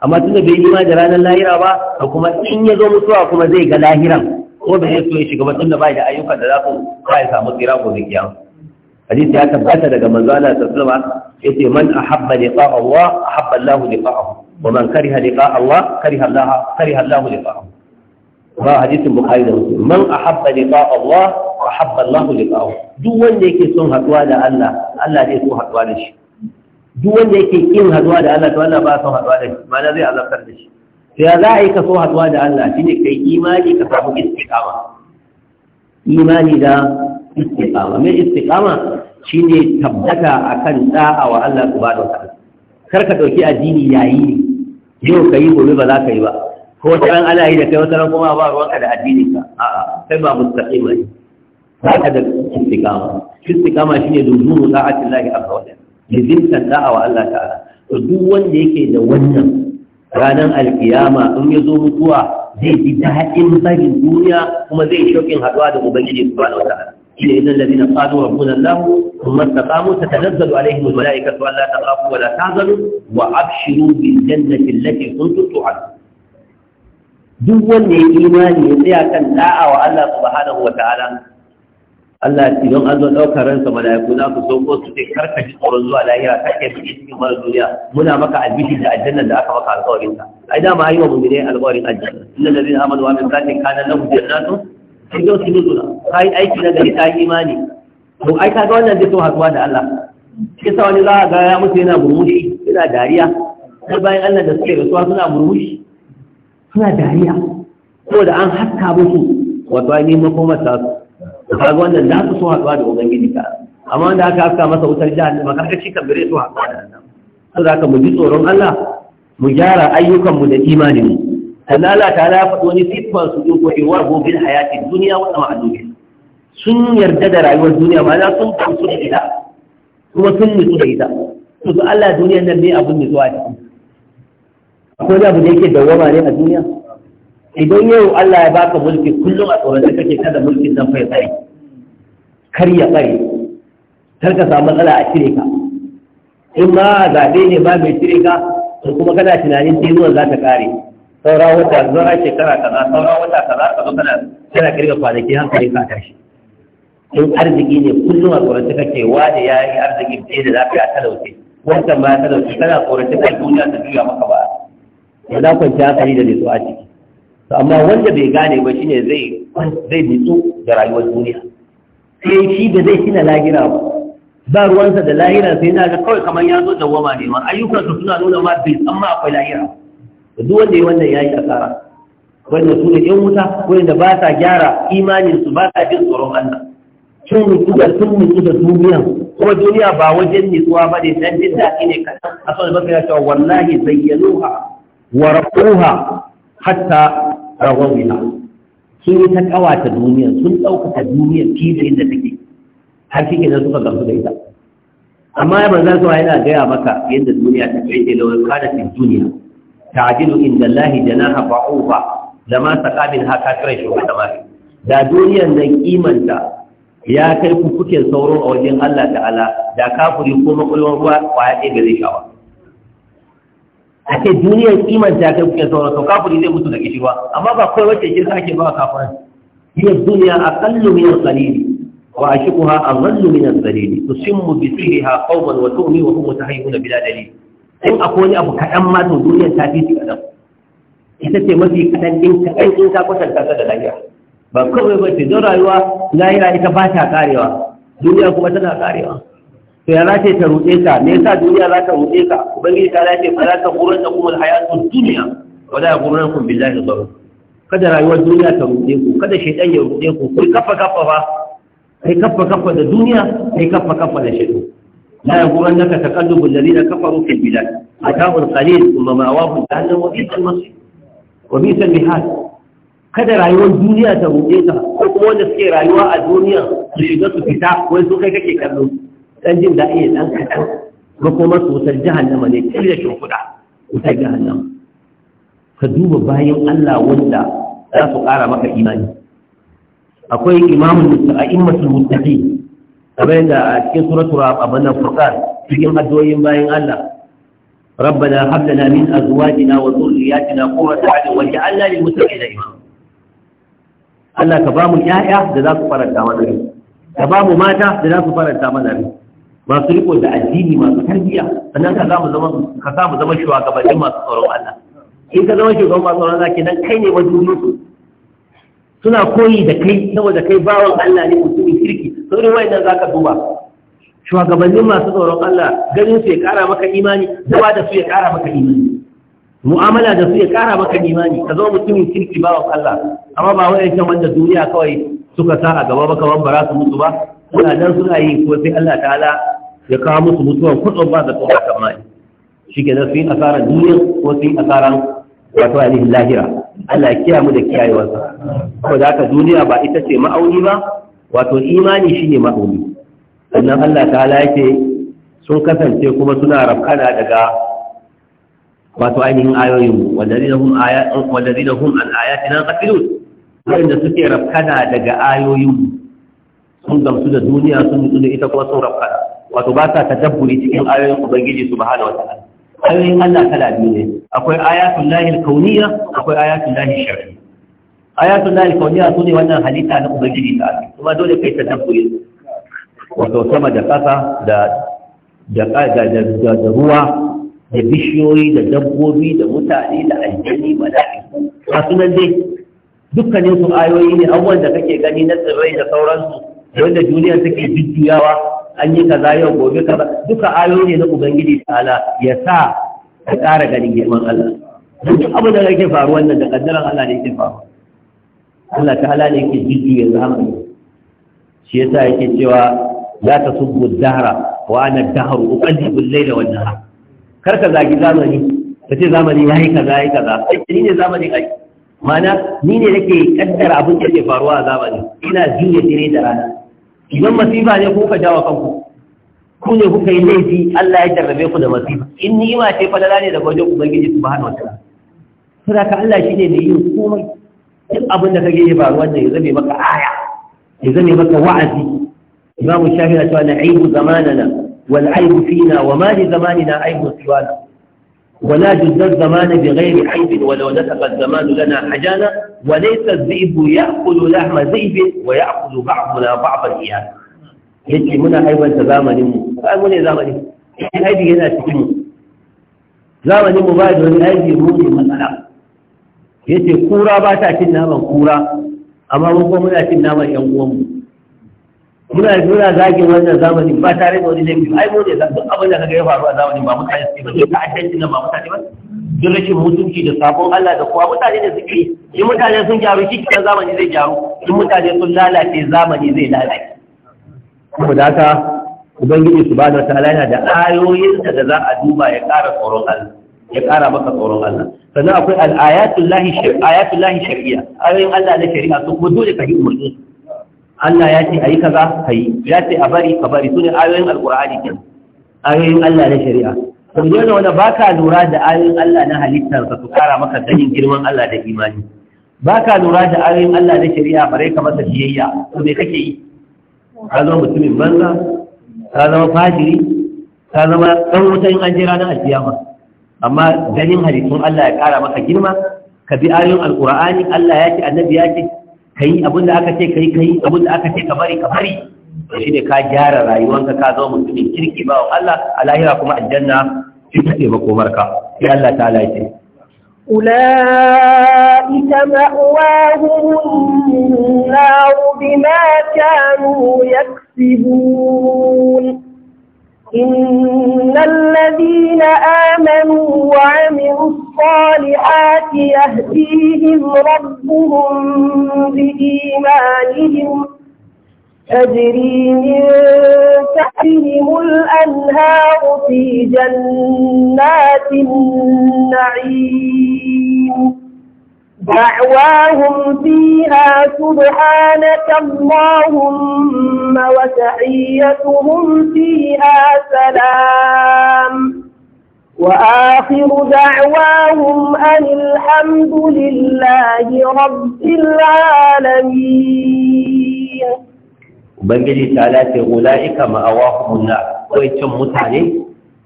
amma tunda bai yi imani da ranar lahira ba da kuma in ya zo mutuwa kuma zai ga lahiran ko bai zai so ya shiga ba tunda bai da ayyukan da za ku ba ya samu tsira ko da kiyama hadisi ya tabbata daga manzo Allah sallallahu alaihi wasallam yace man ahabba liqa Allah ahabba Allah liqa'ahu wa man kariha liqa Allah kariha Allah kariha Allah liqa'ahu ba hadisin bukhari da muslim man ahabba liqa Allah ahabba Allah liqa'ahu duk wanda yake son haduwa da Allah Allah zai so haduwa da shi duk wanda yake kin haduwa da Allah to Allah ba son haduwa da shi ma'ana zai azabtar da shi sai ya za a yi ka so haduwa da Allah shi ne kai imani ka samu istiqama imani da istiqama mai istiqama ne tabbata a akan da'a wa Allah subhanahu wa ta'ala kar ka ɗauki addini yayi ne yau yi gobe ba za ka yi ba ko wata ran da kai wata kuma ba ruwanka da addininka. a'a kai ba mustaqima ne ba ka da istiqama istiqama shine dudumu da'ati Allah azza wa jalla lizimtan da'a wa Allah ta'ala to duk wanda yake da wannan ranar alkiyama in ya zo mutuwa zai ji daɗin barin duniya kuma zai shauƙin haɗuwa da ubangiji subhanahu wa ta'ala إلى إن الذين قالوا ربنا الله ثم استقاموا تتنزل عليهم الملائكة ألا تخافوا ولا تحزنوا وأبشروا بالجنة التي كنتم توعدون duk wanda ya imani ya tsaya kan da'a wa Allah subhanahu wa ta'ala Allah ya don an zo daukar ransa malaiku za ku sauko su ce karka ji tsoron zuwa lahira ka ke fi cikin mara duniya muna maka albishi da aljanna da aka maka alƙawarin ka ai dama ayi wa mu'mini alƙawarin aljanna innal ladina amanu wa amilus salihati kana lahum jannatu firdaus nuzula kai aiki na gari ta imani to ai kaga wannan zai so haɗuwa da Allah shi sa wani za ga ya mutu yana murmushi yana dariya sai bayan Allah da suke rasuwa suna murmushi suna dariya ko da an haska musu wato ai neman ta su kaga wannan za su so haɗuwa da ubangiji ka amma wanda aka haska masa wutar jahannama kaga shi kan bare su haɗuwa da Allah to da mu ji tsoron Allah mu gyara ayyukan mu da imani ne sannan Allah ta ya faɗi wani sifan su duk wa warbo bil hayati duniya wa ma'adubi sun yarda da rayuwar duniya ma na sun gamsu da ita kuma sun nutsu da ita to Allah duniyar nan ne abin da da ita ko da abu da yake ne a duniya idan yau Allah ya baka mulki kullum a tsoron da kake kada mulkin nan fai tsare kar ya tsare kar ka samu matsala a cire ka in ma zaɓe ne ba mai cire ka to kuma kana tunanin sai zuwa za ta kare saura wata saura shekara kaza saura wata kaza ka zo kana kana kirga kwanaki hankali ka tashi in arziki ne kullum a tsoron da kake wani ya yi arziki fiye da za ka talauce wancan ma talauce kana tsoron da kai duniya ta juya maka ba wala kwanci hankali da nitsu a ciki to amma wanda bai gane ba shine zai zai nitsu da rayuwar duniya sai shi da zai tina lahira ba ba ruwansa da lahira sai na ga kawai kamar ya zo dawwama ne ma su suna nuna ma bai san ma akwai lahira duk wanda ya wannan yayi asara wanda su ne yan wuta wanda ba sa gyara imaninsu ba sa jin tsoron Allah sun mutu da sun mutu da duniya kuma duniya ba wajen nitsuwa ba ne dan jin daɗi ne kaɗan a sauran sai ya ce wallahi zayyanuha wa raquha hatta rawawiha sun yi ta kawata duniya sun ɗaukaka duniya fiye da take har shi kenan suka gamsu da ita amma ya manzan zuwa yana gaya maka yadda duniya ta kai da lawar kada fi duniya ta ajilu inda lahi da na haɓa uba da ma tsakamin haka kira shi wata mafi da duniyan nan kimanta ya kai kukukin sauro a wajen allah ta'ala da kafuri ko makulwar ruwa kwaya ɗaya gare shawa a ce duniyar kiman ta kai kuke sauran to kafiri zai mutu da kishirwa amma ba kawai wacce shirka ake ba kafiran hiya duniya a min al-qalil wa ashiquha adallu min al-dalil tusimmu bi sihriha qawman wa tu'mi wa hum mutahayyun bila dalil in akwai wani abu kaɗan ma to duniyar ta fi kaɗan ita ce mafi kaɗan ɗin kaɗan in ka kwatanta ta da lahira ba kawai ba ce don rayuwa lahira ita ba ta karewa duniya kuma tana karewa to ya za ta ruɗe ka me yasa duniya za ta ruɗe ka ubangiji ta lafiya fa za ta horar da kuma hayatun duniya wa la yaghurrankum billahi dharur kada rayuwar duniya ta ruɗe ku kada shaytan ya ruɗe ku kai kafa kafa ba kai kafa kafa da duniya kai kafa kafa da shaytan la yaghurrannaka taqallubu alladhina kafaru fil bilad atahum qalil thumma ma'awahum jahannam wa bi'sal masir wa bi'sal mihad kada rayuwar duniya ta ruɗe ka ko kuma wanda suke rayuwa a duniya su shiga su fita wai su kai kake kallo dan jin daɗi ya dan kaɗan makomar su wutar jahannama ne kirya shimfiɗa wutar jahannama ka duba bayan Allah wanda za su ƙara maka imani akwai imamun a immatul muttaqi kamar yadda a cikin suratul abanna furqan cikin addu'o'in bayan Allah ربنا هب لنا من ازواجنا وذرياتنا قرة اعين واجعلنا للمتقين اماما Allah ka bamu mu da za su faranta mana rai ka ba mata da za su faranta mana masu riko da addini masu tarbiyya sannan ka samu zama ka samu zama shugabannin masu tsoron Allah in ka zama shugaban masu tsaron Allah kenan kai ne wajen su suna koyi da kai saboda kai bawan Allah ne mutumin kirki wai nan zaka duba shugabannin masu tsoron Allah ganin su ya kara maka imani zuwa da su ya kara maka imani mu'amala da su ya kara maka imani ka zama mutumin kirki bawan Allah amma ba yake wanda duniya kawai suka sa a gaba ba kamar ba za su mutu ba suna nan suna yi ko sai Allah ta'ala ya kawo musu mutuwan kudin ba da tsohon kamar shi ke nasu yin asarar duniya ko su yi asarar wato ainihin lahira Allah ya kiyaye mu da kiyayewarsa ko da haka duniya ba ita ce ma'auni ba wato imani shi ne ma'auni sannan Allah ta'ala yake sun kasance kuma suna rafkana daga wato ainihin ayoyin mu. hum ayatun wadanda hum an ayatina qafilun wanda suke rafkana daga ayoyin sun gamsu da duniya sun mutu da ita kuma sun rafkana wato ba sa tadabburi cikin ayoyin ubangiji su subhanahu wataala ayoyin Allah kala biyu ne akwai ayatul lahi Kauniya, akwai ayatul lahi shar'i ayatul lahi kauniyya sune wannan halitta na ubangiji ta kuma dole kai tadabburi wato sama da ƙasa, da da da da ruwa da bishiyoyi da dabbobi da mutane da aljani mala'iku masu nan dai dukkanin su ayoyi ne abubuwan da kake gani na tsirrai da sauransu da duniya take jujjuyawa an yi kaza yau gobe kaza duka ayoyi ne na ubangiji ta'ala ya sa ka ƙara ganin girman Allah duk abin da yake faruwa wannan da kaddaran Allah ne yake faru Allah ta'ala ne yake jujjuya zamani shi yasa yake cewa la tasubbu dahra wa ana dahru uqallibu al-layla wan nahar kar ka zagi zamani ka ce zamani yayi kaza yayi kaza ni ne zamani kai mana ni ne nake kaddara abin da ke faruwa a zamani ina juya dire da rana idan masifa ne kuka ka jawa kanku ku ne kuka yi laifi Allah ya jarrabe ku da masifa in ni'ima ce falala ne da wajen ubangiji subhanahu wataala saboda ka Allah shine mai yin komai duk abin da kage ba wanda ya zame maka aya ya zame maka wa'azi imamu shafi na cewa na aibu zamanana wal aibu fina wa ma li zamanina aibu siwana ولا جز الزمان بغير عيب ولو نسق الزمان لنا حجانا وليس الذئب يأكل لحم ذئب ويأكل بعضنا بعضا إياه yake muna aiwanta zamaninmu ba ne zamani shi aiki yana cikin mu ba da aiki mu matsala yace kura ba ta cin naman kura amma mun kuma muna cin naman yan uwanmu muna muna zagin wannan zamanin ba tare da wani laifi ai mu ne za duk abin da kaga ya faru a zamanin ba mutane suke ba ta addanci nan ba mutane ba duk rashin mutunci da sabon Allah da kowa mutane da suke in mutane sun gyaru shi kan zamani zai gyaru in mutane sun lalace zamani zai lalace kuma da haka ubangiji subhanahu ta'ala yana da ayoyin da za a duba ya ƙara tsoron Allah ya ƙara maka tsoron Allah sannan akwai al-ayatul lahi shar'iyya ayoyin Allah na shari'a su kuma dole ka yi umarni Allah ya ce a yi kaza ka yi. ya ce a bari ka bari Su sune ayoyin alqur'ani ke ayoyin Allah na shari'a to dole wanda baka lura da ayoyin Allah na halittar ka su kara maka ganin girman Allah da imani baka lura da ayoyin Allah na shari'a bare ka masa biyayya to me kake yi ka zama mutumin banza ka zama fajiri ka zama dan wutan an jira na alkiyama amma ganin halittun Allah ya kara maka girma ka bi ayoyin alqur'ani Allah ya ce annabi ya ce kai abin da aka ce kai kai abin da aka ce ka bari ka bari shi ne ka gyara rayuwanka ka zo mutumin kirki ba Allah a lahira kuma aljanna shi ta ɗeba komarka sai Allah ta ala ce أولئك مأواهم النار بما كانوا يكسبون إن amanu آمنوا وعملوا يهديهم ربهم بإيمانهم تجري من تحتهم الأنهار في جنات النعيم دعواهم فيها سبحانك اللهم وتحيتهم فيها سلام وآخر دعواهم أن الحمد لله رب العالمين Ubangiji ta lati ula'ika ma'awahun na kawai can mutane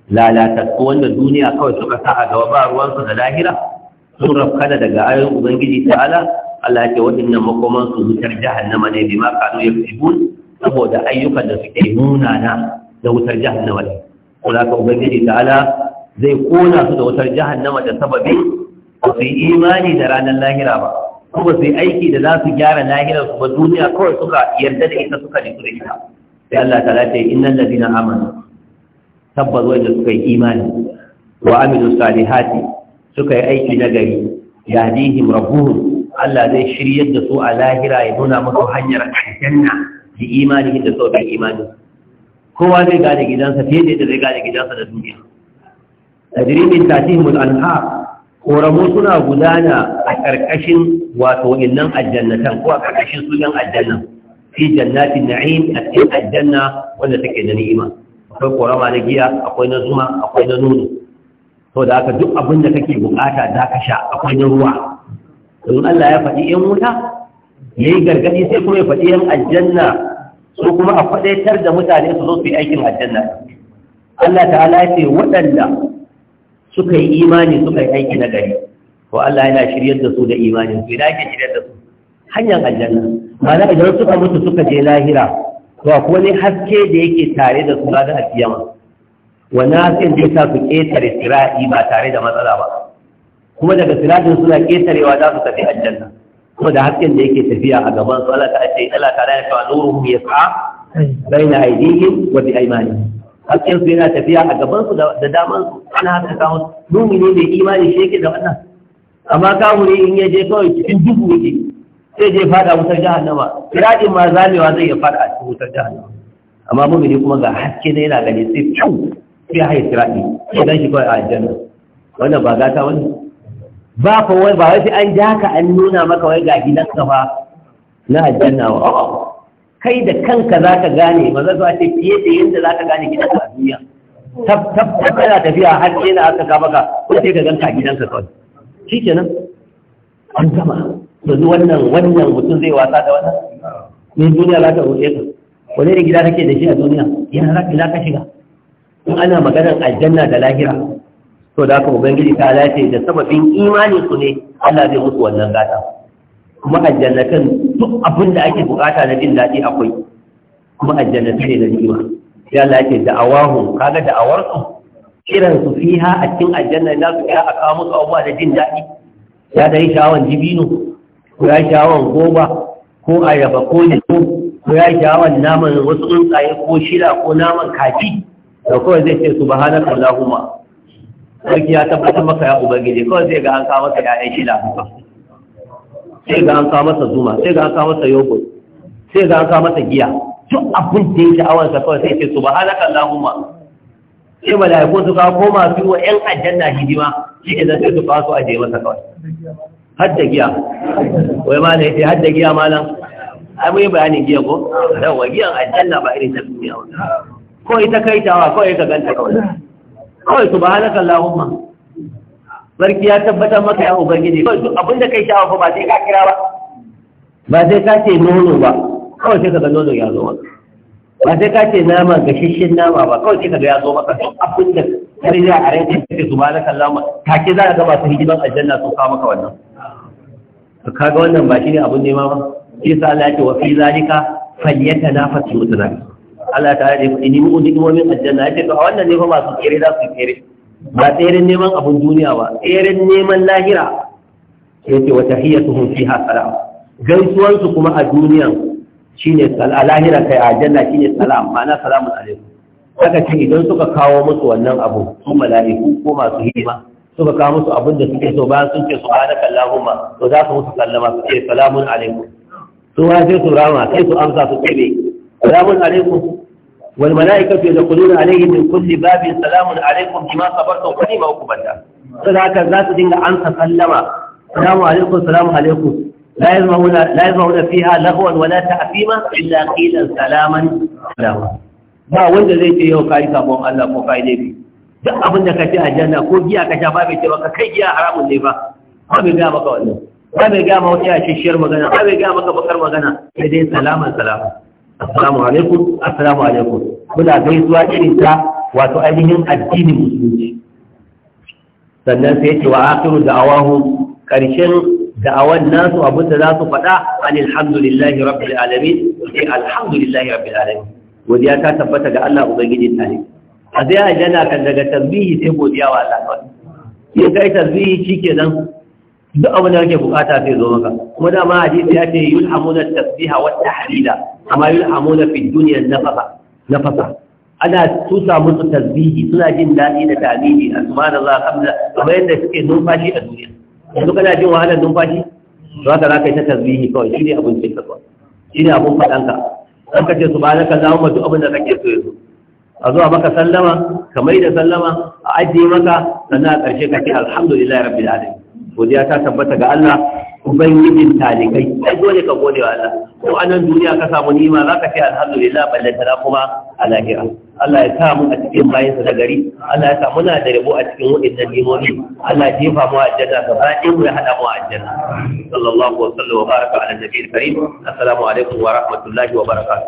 lalatattu wanda duniya kawai suka sa a gaba ruwansu da lahira sun rafkada daga ayon Ubangiji ta'ala Allah ce waɗannan makomansu wutar jahannama ne bi ma kanu ya fi bun saboda ayyukan da suke munana da wutar jahannama ne. Kula ka Ubangiji ta'ala zai kona su da wutar jahannama da sababi ba su yi imani da ranar lahira ba ko ba su yi aiki da za su gyara lahirar su ba duniya kawai suka yarda da ita suka nisu da ita sai Allah ta lafiya innal ladina amanu tabbas wanda suka yi imani wa amilu salihati suka yi aiki na gari yahdihim rabbuhum Allah zai shiryar da su a lahira ya nuna musu hanyar aljanna bi imani da sauran imani kowa zai gane gidansa fiye da zai gane gidansa da duniya tajri min tatihim koramu suna gudana a ƙarƙashin wato innan aljannatan ko a ƙarƙashin sunan aljannan fi jannatin na'im a cikin aljanna wanda take da ni'ima akwai korama na giya akwai na zuma akwai na nono to da aka duk abin da kake bukata za ka sha akwai na ruwa in Allah ya faɗi yan wuta yayi gargadi sai kuma ya faɗi yan aljanna su kuma a faɗaitar da mutane su zo su yi aikin aljanna Allah ta'ala ya ce waɗanda suka yi imani suka yi aiki na gari Ko Allah yana shiryar da su da imani su da ake shiryar da su hanyar aljanna ma'ana idan suka mutu suka je lahira to akwai wani haske da yake tare da su ranar alkiyama wannan hasken zai sa su ƙetare sira'i ba tare da matsala ba kuma daga sirajin suna ƙetarewa za su tafi aljanna kuma da hasken da yake tafiya a gaban su Allah ta ce Allah ta rayar ta nuruhum yas'a baina aidihi wa bi aymanihim hakkin su yana tafiya a gaban su da daman su ana haka kawo ne mai imani shi yake da wannan amma kawo ne in ya je kawai cikin dubu yake sai je fada wutar jahannama kiradin ma zamewa zai ya fada a cikin wutar jahannama amma mumini kuma ga haske ne yana gani sai cu sai haye kiradi idan shi kawai a aljanna wannan ba gata wani ba fa wai ba wai sai an ja ka an nuna maka wai ga gidan ka na aljanna wa kai da kanka za ka gane ba zai ce fiye da yadda za ka gane gidan a duniya tabbatar yana tafiya har yana aka ka ko sai ka ganka gidanka kawai shi nan, an gama yanzu wannan wannan mutum zai wasa da wannan ne duniya za ta roƙe ka wani ne gida kake da shi a duniya yana za ka ka shiga in ana maganar aljanna da lahira to da haka ubangiji ta lafiya da sababin imani su ne Allah zai musu wannan gata kuma aljannatan duk abin da ake bukata na jin daɗi akwai kuma aljannatan ne na ni'ima sai Allah da awahu, da'awahu kaga da'awar su kiran su fiha a cikin aljanna na su ya a kawo musu abuwa da jin daɗi ya dai shawon jibino ko ya shawon goba ko ayaba ko lemo ko ya shawon naman wasu tsuntsaye ko shila ko naman kaji da kawai zai ce subhanaka allahumma sarki ya tabbatar maka ya ubangiji kawai zai ga an kawo maka ya'yan shila sai ga an kawo masa zuma sai ga an kawo masa yogurt sai ga an kawo masa giya duk abin da ya sha'awar sa kawai sai ce subhanaka allahumma sai malaiku su ka koma su wa yan aljanna hidima shi ke zai su kawo su a je masa kawai hadda giya wai ma ne sai hadda giya malam ai mun yi bayanin giya ko da wa giya aljanna ba irin ta duniya ba ko ita kai tawa ko ita ganta kawai kawai subhanaka allahumma barki ya tabbatar maka ya ubangiji ne. duk abin da kai sha'awa ba sai ka kira ba ba sai ka ce nono ba kawai sai ka ga nono ya zo maka ba sai ka ce nama shishin nama ba kawai sai ka ga ya zo maka duk abin da kar ya a rai take kallama. Ta ke za ka ga masu hidiman aljanna su kawo maka wannan to kaga wannan ba shine abin nema ba shi yasa Allah ya ce wa fi zalika falyatanafasul mutana Allah ta ya ce inni mu'minu min aljanna ya ce to a wannan ne fa masu kire za su kire ba tseren neman abin duniya ba tseren neman lahira ya ce wata hiyatuhun fi hasara gaisuwansu kuma a duniyan shi ne a lahira kai a janna shi ne salam ma'ana salamun alaikum saka ce idan suka kawo musu wannan abu su mala'iku ko masu hidima suka kawo musu abin da suke so bayan sun ce su hana kallahumma to za su musu sallama su ce salamun alaikum su ma sai su rama sai su amsa su ce ne salamun alaikum wal mala'ikatu yadkhuluna alayhim min kulli babin salamun alaykum bima sabartum wa ni'ma uqba sai haka za su dinga amsa sallama salamu alaikum salamu alaikum la fiha lahwan wala ta'fima illa qilan salaman ba wanda zai ce yau kai sabon Allah ko duk abin da ka ci a janna ko giya ka sha ba ce ka kai giya haramun ne ba ba bai gaya maka wannan ba bai ga maka wata shishiyar magana ba bai gaya maka bakar magana sai dai salaman salama. assalamu alaikum assalamu alaikum muna gaisuwa irin ta wato ainihin addinin musulunci sannan sai ce wa akhiru da'awahu karshen da'awan nasu abin da za su faɗa an alhamdulillahi rabbil alamin sai alhamdulillahi rabbil alamin godiya ta tabbata ga Allah ubangiji tare a zai a jana kan daga tasbihi sai godiya wa Allah kawai sai kai tasbihi nan? duk abin da kake bukata sai zo maka kuma dama hadisi ya ce yi yulhamuna tasbiha wa tahlila amma yi yulhamuna fi duniya nafasa nafasa ana tusa musu tasbihi suna jin daɗi da tamimi a za a alhamdulillah kamar yadda suke numfashi a duniya yanzu kana jin wahalar numfashi za ka raka ita tasbihi kawai shi ne abincin cikin kasuwa? shi ne abin faɗanka an ka ce subhanaka allahumma duk abin da kake so yanzu. a zuwa maka sallama ka da sallama a ajiye maka sannan a ƙarshe ka ce alhamdulillah rabbil alamin godiya ta tabbata ga Allah ubangijin talikai ai dole ka gode wa Allah ko a nan duniya ka samu nima za ka ce alhamdulillah balle tana kuma a lahira Allah ya sa mu a cikin bayansa na gari Allah ya sa muna da rabo a cikin waɗannan nimomi Allah ya jefa mu a aljanna gaba ɗaya mu ya haɗa mu a aljanna sallallahu wa sallam wa baraka ala nabiyil karim assalamu alaikum wa rahmatullahi wa barakatuh